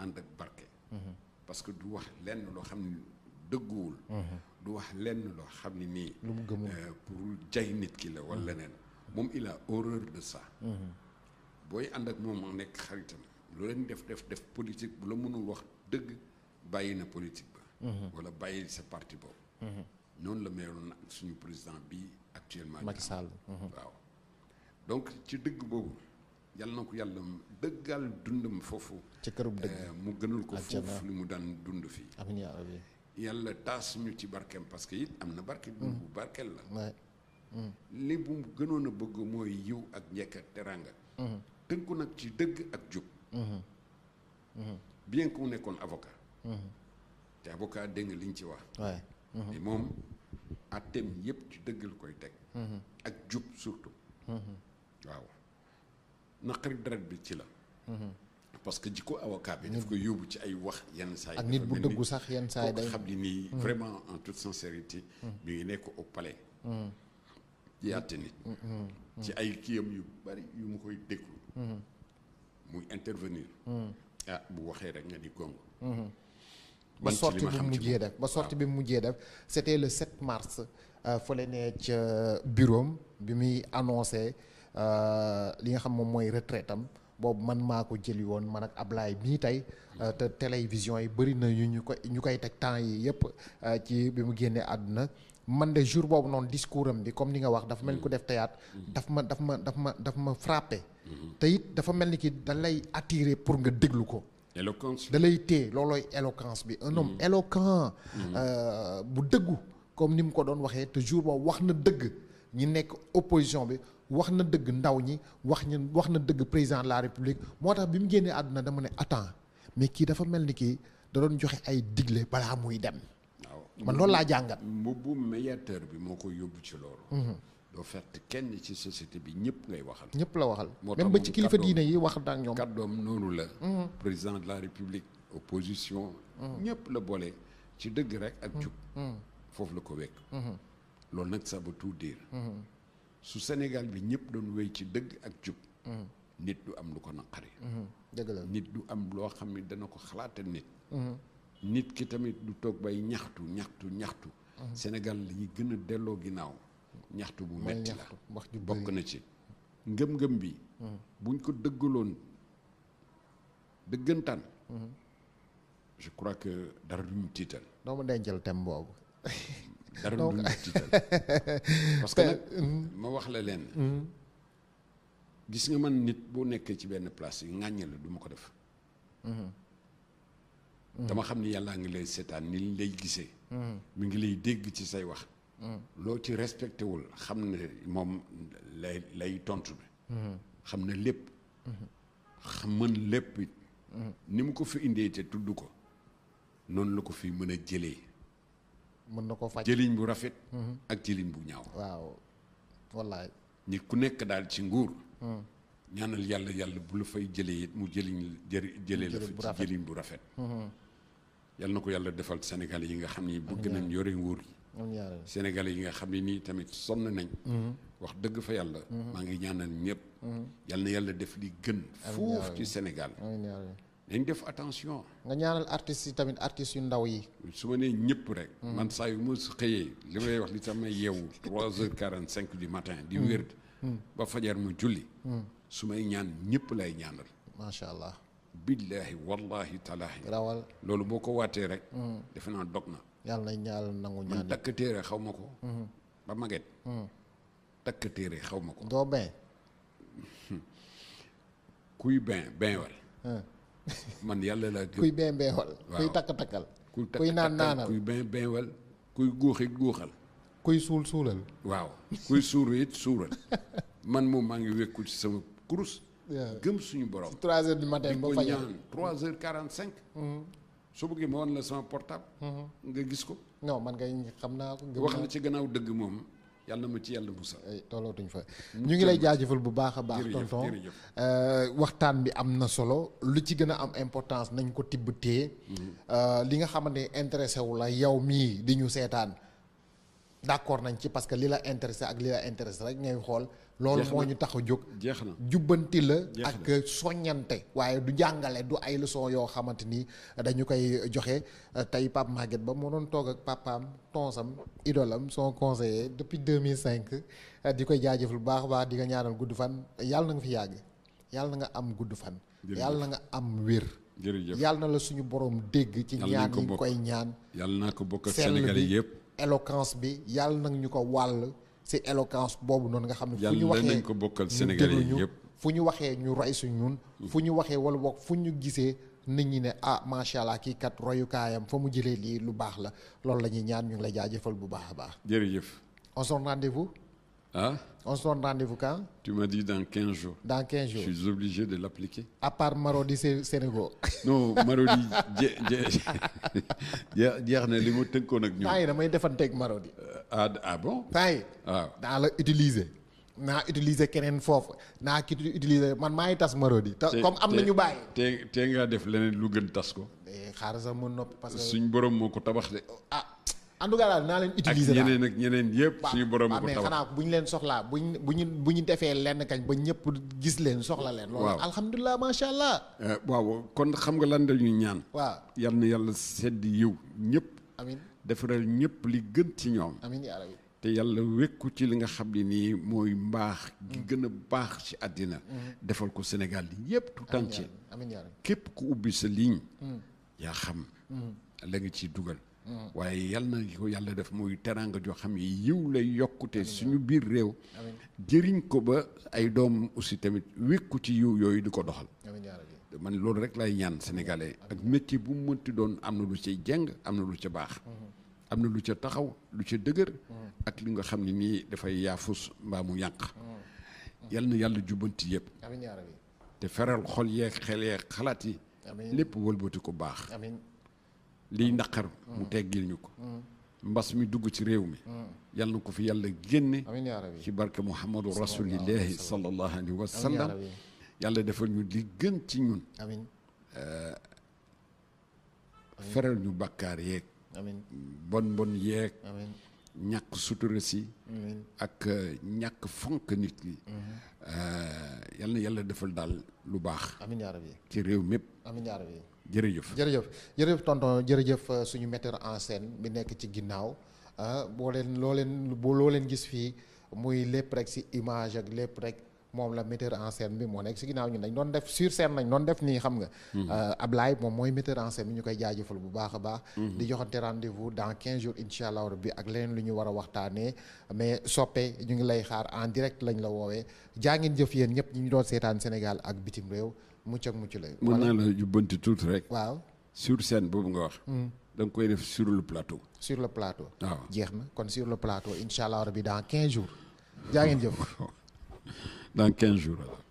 ànd ak barke parce que du wax lenn loo xam ne dëgguwul du wax lenn loo xam ne nii euh, pour jay nit ki la wala leneen moom il a horreur de ça booy ànd ak moom nekk xaritam lu leen def def def politique bu la mënul wax dëgg bàyyi na politique ba wala bàyyi sa parti boobu noonu la meloon suñu président bi actuellement Macky Sall waaw donc ci dëgg boobu yàlla na ko yàlla dëggal dundam foofu. ci kërub dëgg eh, mu gënul ko foofu li mu daan dund fii. amiin yàlla taas ñu ci barkeem parce que it am na barke. dund bu mm. barkeel la. Mm. li bu gënoon a bëgg mooy yiw ak njekk ak teraanga. Mm-hmm. tënku nag ci dëgg ak jub. Mm-hmm. Mm-hmm. bien que mu nekkoon avocat. te avocat dégg liñ ci wax. mais moom àtteem yëpp ci dëgg la koy teg. ak jub surtout. waaw. naqari deret bi ci la. Mhm. parce que jikko avocat bi mhm. daf ko yóbbu ci ay wax yenn saa yi. ak nit bu dëggu sax yenn saa yi xam ni nii. Mhm. vraiment en toute sincérité. bi ngi nekk au palais. di nit. ci ay kiyam yu bari yu ma koy déglu. muy intervenir. ah bu waxee rek nga di gong. ba sorti bi mu mujjee def ba sorti bi mu mujjee def c'était le 7 mars euh, fële ne ca euh, bureau bi muy annoncé. Euh, li nga xam moom mooy retraite am boobu man maa ko jëli woon man ak Ablaye mii tey euh, te télévision yi bëri na ñu ñu koy ñu koy teg temps yi yëpp euh, ci bi mu génnee àdduna man de jour boobu noonu discours am bi comme ni nga wax dafa mel ni ko def théâtre mm-hmm. daf ma daf ma daf ma daf ma frappé mm-hmm. te dafa mel ni ki da lay attiré pour nga déglu ko éloquence da lay téye loolooy éloquence bi un homme mm-hmm. éloquent bu dëggu comme ni mu ko doon waxee te jour boobu wax na dëgg ñu nekk opposition bi wax na dëgg ndaw ñi wax ñu wax na dëgg président de la république moo tax bi mu génnee àdduna dama ne attends mais kii dafa mel ni kii da doon joxe ay digle balaa muy dem. waaw man lool laa jàngat. mbubbu médiateur bi moo koy yóbbu ci loolu. Mhm. doo fekk kenn ci société bi ñëpp ngay waxal. ñëpp la waxal même ba ci kilifa diine yi wax na ak ñoom. kàddoom noonu la. Mhm. président de la république opposition. Mhm. ñëpp la boole ci dëgg rek ak jub. foofu la ko wekk. loolu nag ça veut tout dire. su senegal bi ñëpp doon wéy ci dëgg ak jub mm-hmm. nit du am lu ko naqari mm-hmm. nit du am loo xam ne dana ko xalaatal nit mm-hmm. nit ki tamit du toog bay ñaxtu ñaxtu ñaxtu senegal la gën a delloo ginnaaw ñaxtu bu metti la wax bokk na ci ngëm-ngëm bi buñ ko dëggaloon dëggantaan je crois que dara duñu tiital doo ma dencal thème boobu <laughs> dara du ñu tiital parce que ma wax la leen mm-hmm. gis nga man nit boo nekkee ci benn place yi ŋàññe la du ko def mm-hmm. Mm-hmm. dama xam ni yàllaa ngi lay seetaan ni lay gisee mu ngi lay dégg ci say wax loo ci respecté wul xam ne moom lay lay tontu bi xam ne lépp xam mën lépp ni mu ko fi indee te tudd ko noonu la ko fi mën a jëlee mën na ko faj jëliñ bu rafet. ak jëliñ bu ñaaw. waaw wallaay. nit ku nekk daal ci nguur. Hmm. ñaanal yàlla yàlla bu la fay jëlee it mu jëliñ jëlee la fa ci jëliñ bu rafet. Hmm. yal na ko yàlla defal Sénégal yi nga xam ni bëgg nañ yore nguur yi. Sénégalais yi nga xam ne nii tamit sonn nañ. Hmm. wax dëgg fa yàlla. maa ngi ñaanal ñëpp. yal yàlla def li gën. foofu ci Sénégal. dañ def attention. nga ñaanal artistes yi tamit artistes yu ndaw yi. su ma nee ñëpp rek. man saa yu ma xëyee li may wax li tax may yeewu trois heures quarante cinq du matin. di wér. ba fajar mu julli. su may ñaan ñëpp lay ñaanal. macha allah. billahi wallahi talaahi. rawal loolu boo ko waatee rek. defe naa dog na. yàlla na yàlla nangu ñaan man takk téere xaw ma ko. Mm-hmm. ba maget. Mm-hmm. takk téere xaw ma ko. doo bañ. <laughs> kuy bañ bañ wal man yàlla laa gëm kuy benn benwal kuy takk takkal kuy takk kuy naan naanal kuy benn benwal kuy guuxit guuxal kuy suul suulal waaw kuy suuru it suural man moom maa ngi wékkul ci sama kurus gëm suñu borom trois heures du matin ba fay ñaan trois heures quarante cinq mm-hmm. su bëggee ma wan la sama portable mm-hmm. nga gis ko non man ngay xam naa ko wax la ci gannaaw dëgg moom yàlla na ma ci yàlla eh, tollootuñ fa ñu ngi lay jaajëfal bu baax a baax. tonton euh, waxtaan bi am na solo lu ci gën a am importance nañ ko tibb tee mhm. euh, li nga xamante ne intéressé wu la yow mii di ñu seetaan d'accord nañ ci parce que li la intéressé ak li la rek ngay xool. loolu moo ñu tax jóg jeex na jubbanti la ak soññante waaye du jàngale du ay leçon yoo xamante ni dañu koy joxe tey Pape Maguette Ba moo doon toog ak papaam tonsam idolam soo conseiller depuis 2005 di koy jaajëfal lu baax a baax di nga ñaanal gudd fan yàlla na nga fi yàgg yàlla nga am gudd fan yàlla na nga am wér jërëjëf yàlla na la suñu borom dégg ci ñaan yi koy ñaan yàlla na ko bokk ak Sénégal yëpp éloquence bi yàlla na ñu ko wàll si éloquence boobu noonu nga xam ne fu ñu waxee nañ ko bokkal Sénégalais yëpp fu ñu waxee ñu roy su ñun fu ñu waxee wala boog fu ñu gisee nit ñi ne ah macha allah kii kat royukaayam fa mu jëlee lii lu baax la loolu la ñuy ñaan ñu ngi lay jaajëfal bu baax a baax jërëjëf on se Ah On se donne rendez-vous quand Tu m'as dit dans 15 jours. Dans 15 jours. Je suis obligé de l'appliquer. À part Marodi Sénégal. <laughs> non, Marodi. jeex na li ma tënkoon ak nag temps yii damay defanteeg Marodi. ah ah bon. temps ah. la utiliser. naa utiliser keneen foofu naa ki utiliser man maa ngi tas Marodi. te comme am na ñu bàyyi. te te ngaa def leneen lu gën tas ko. Eh, xaaral sax ma noppi parce que. suñ borom moo ko tabax de. Ah, en tout daal naa leen utiliser daal ak ñeneen ak ñeneen yëpp. suñu borom ko taw bu ñu leen soxlaa bu ñu bu ñu bu ñu defee lenn kañ ba ñëpp gis leen soxla leen. waaw loolu alhamdulilah macha allah. Eh, waaw kon xam nga lan dañuy ñaan. waaw yal na yàlla sedd yiw ñëpp. amiin defaral ñëpp li gën ci ñoom. amiin yaa rabbi te yàlla wékku ci li nga xam ne nii mooy mbaax. gi mm. gën a baax ci àddina. Mm. defal ko Sénégal li yëpp tout képp ku ubbi sa ligne. Mm. yaa xam. la nga ci dugal. Mm. waaye yal na ko yàlla def muy teraanga joo xam yi yiw lay yokkute suñu biir réew jëriñ ko ba ay doom aussi tamit wékku ci yiw yooyu di ko doxal man loolu rek lay ñaan sénégalais ak métier bu mu mënti doon am na lu ca jeng am na lu ca baax mm-hmm. am na lu ca taxaw lu ci dëgër mm-hmm. ak li nga xam ne nii dafay yaafus mbaa mu yànq mm-hmm. yal na yàlla jubbanti yëpp te feral xol yeeg xel yeeg xalaat yi lépp wëlbati ko baax liy naqar mu teggil ñu ko mbas mi dugg ci réew mi yal na ko fi yàlla génne ci barke muhammadu rasulillahi sallallahu alayhi wa sallam yàlla defal ñu li gën ci ñun eh, feral ñu bàkkaar yeeg bon bon yeeg ñàkk sutura si ak eh, ñàkk fonk nit ki mm-hmm. eh, yàlla defal daal lu baax ci réew mépp amiin jërëjëf jërëjëf jërëjëf tonton jërëjëf euh, suñu metteur en scène bi nekk ci ginnaaw ah, boo leen loo leen boo loo leen gis fii muy lépp rek si image ak lépp rek moom la metteur en scène bi moo nekk si ginnaaw ñun dañ doon def sur scène nañ doon def nii xam nga. Mhm. Euh, Ablaye moom mooy metteur en scène bi ñu koy jaajëfal bu baax a baax. Mhm. di joxante rendez-vous dans 15 jours incha allah rabbi ak leneen lu ñu war a waxtaanee mais soppe ñu ngi lay xaar en direct lañ la woowee jaa ngeen jëf yéen ñëpp ñu doon seetaan Sénégal ak bitim réew. mucc ak mucc lay mën naa la jubbanti tuuti rek waaw sur scène boobu nga wax hmm. da nga koy def sur le plateau sur le plateau waaw jeex na kon sur le plateau incha allah rabbi dans quinze jours jaa ngeen jëf <laughs> dans quinze jours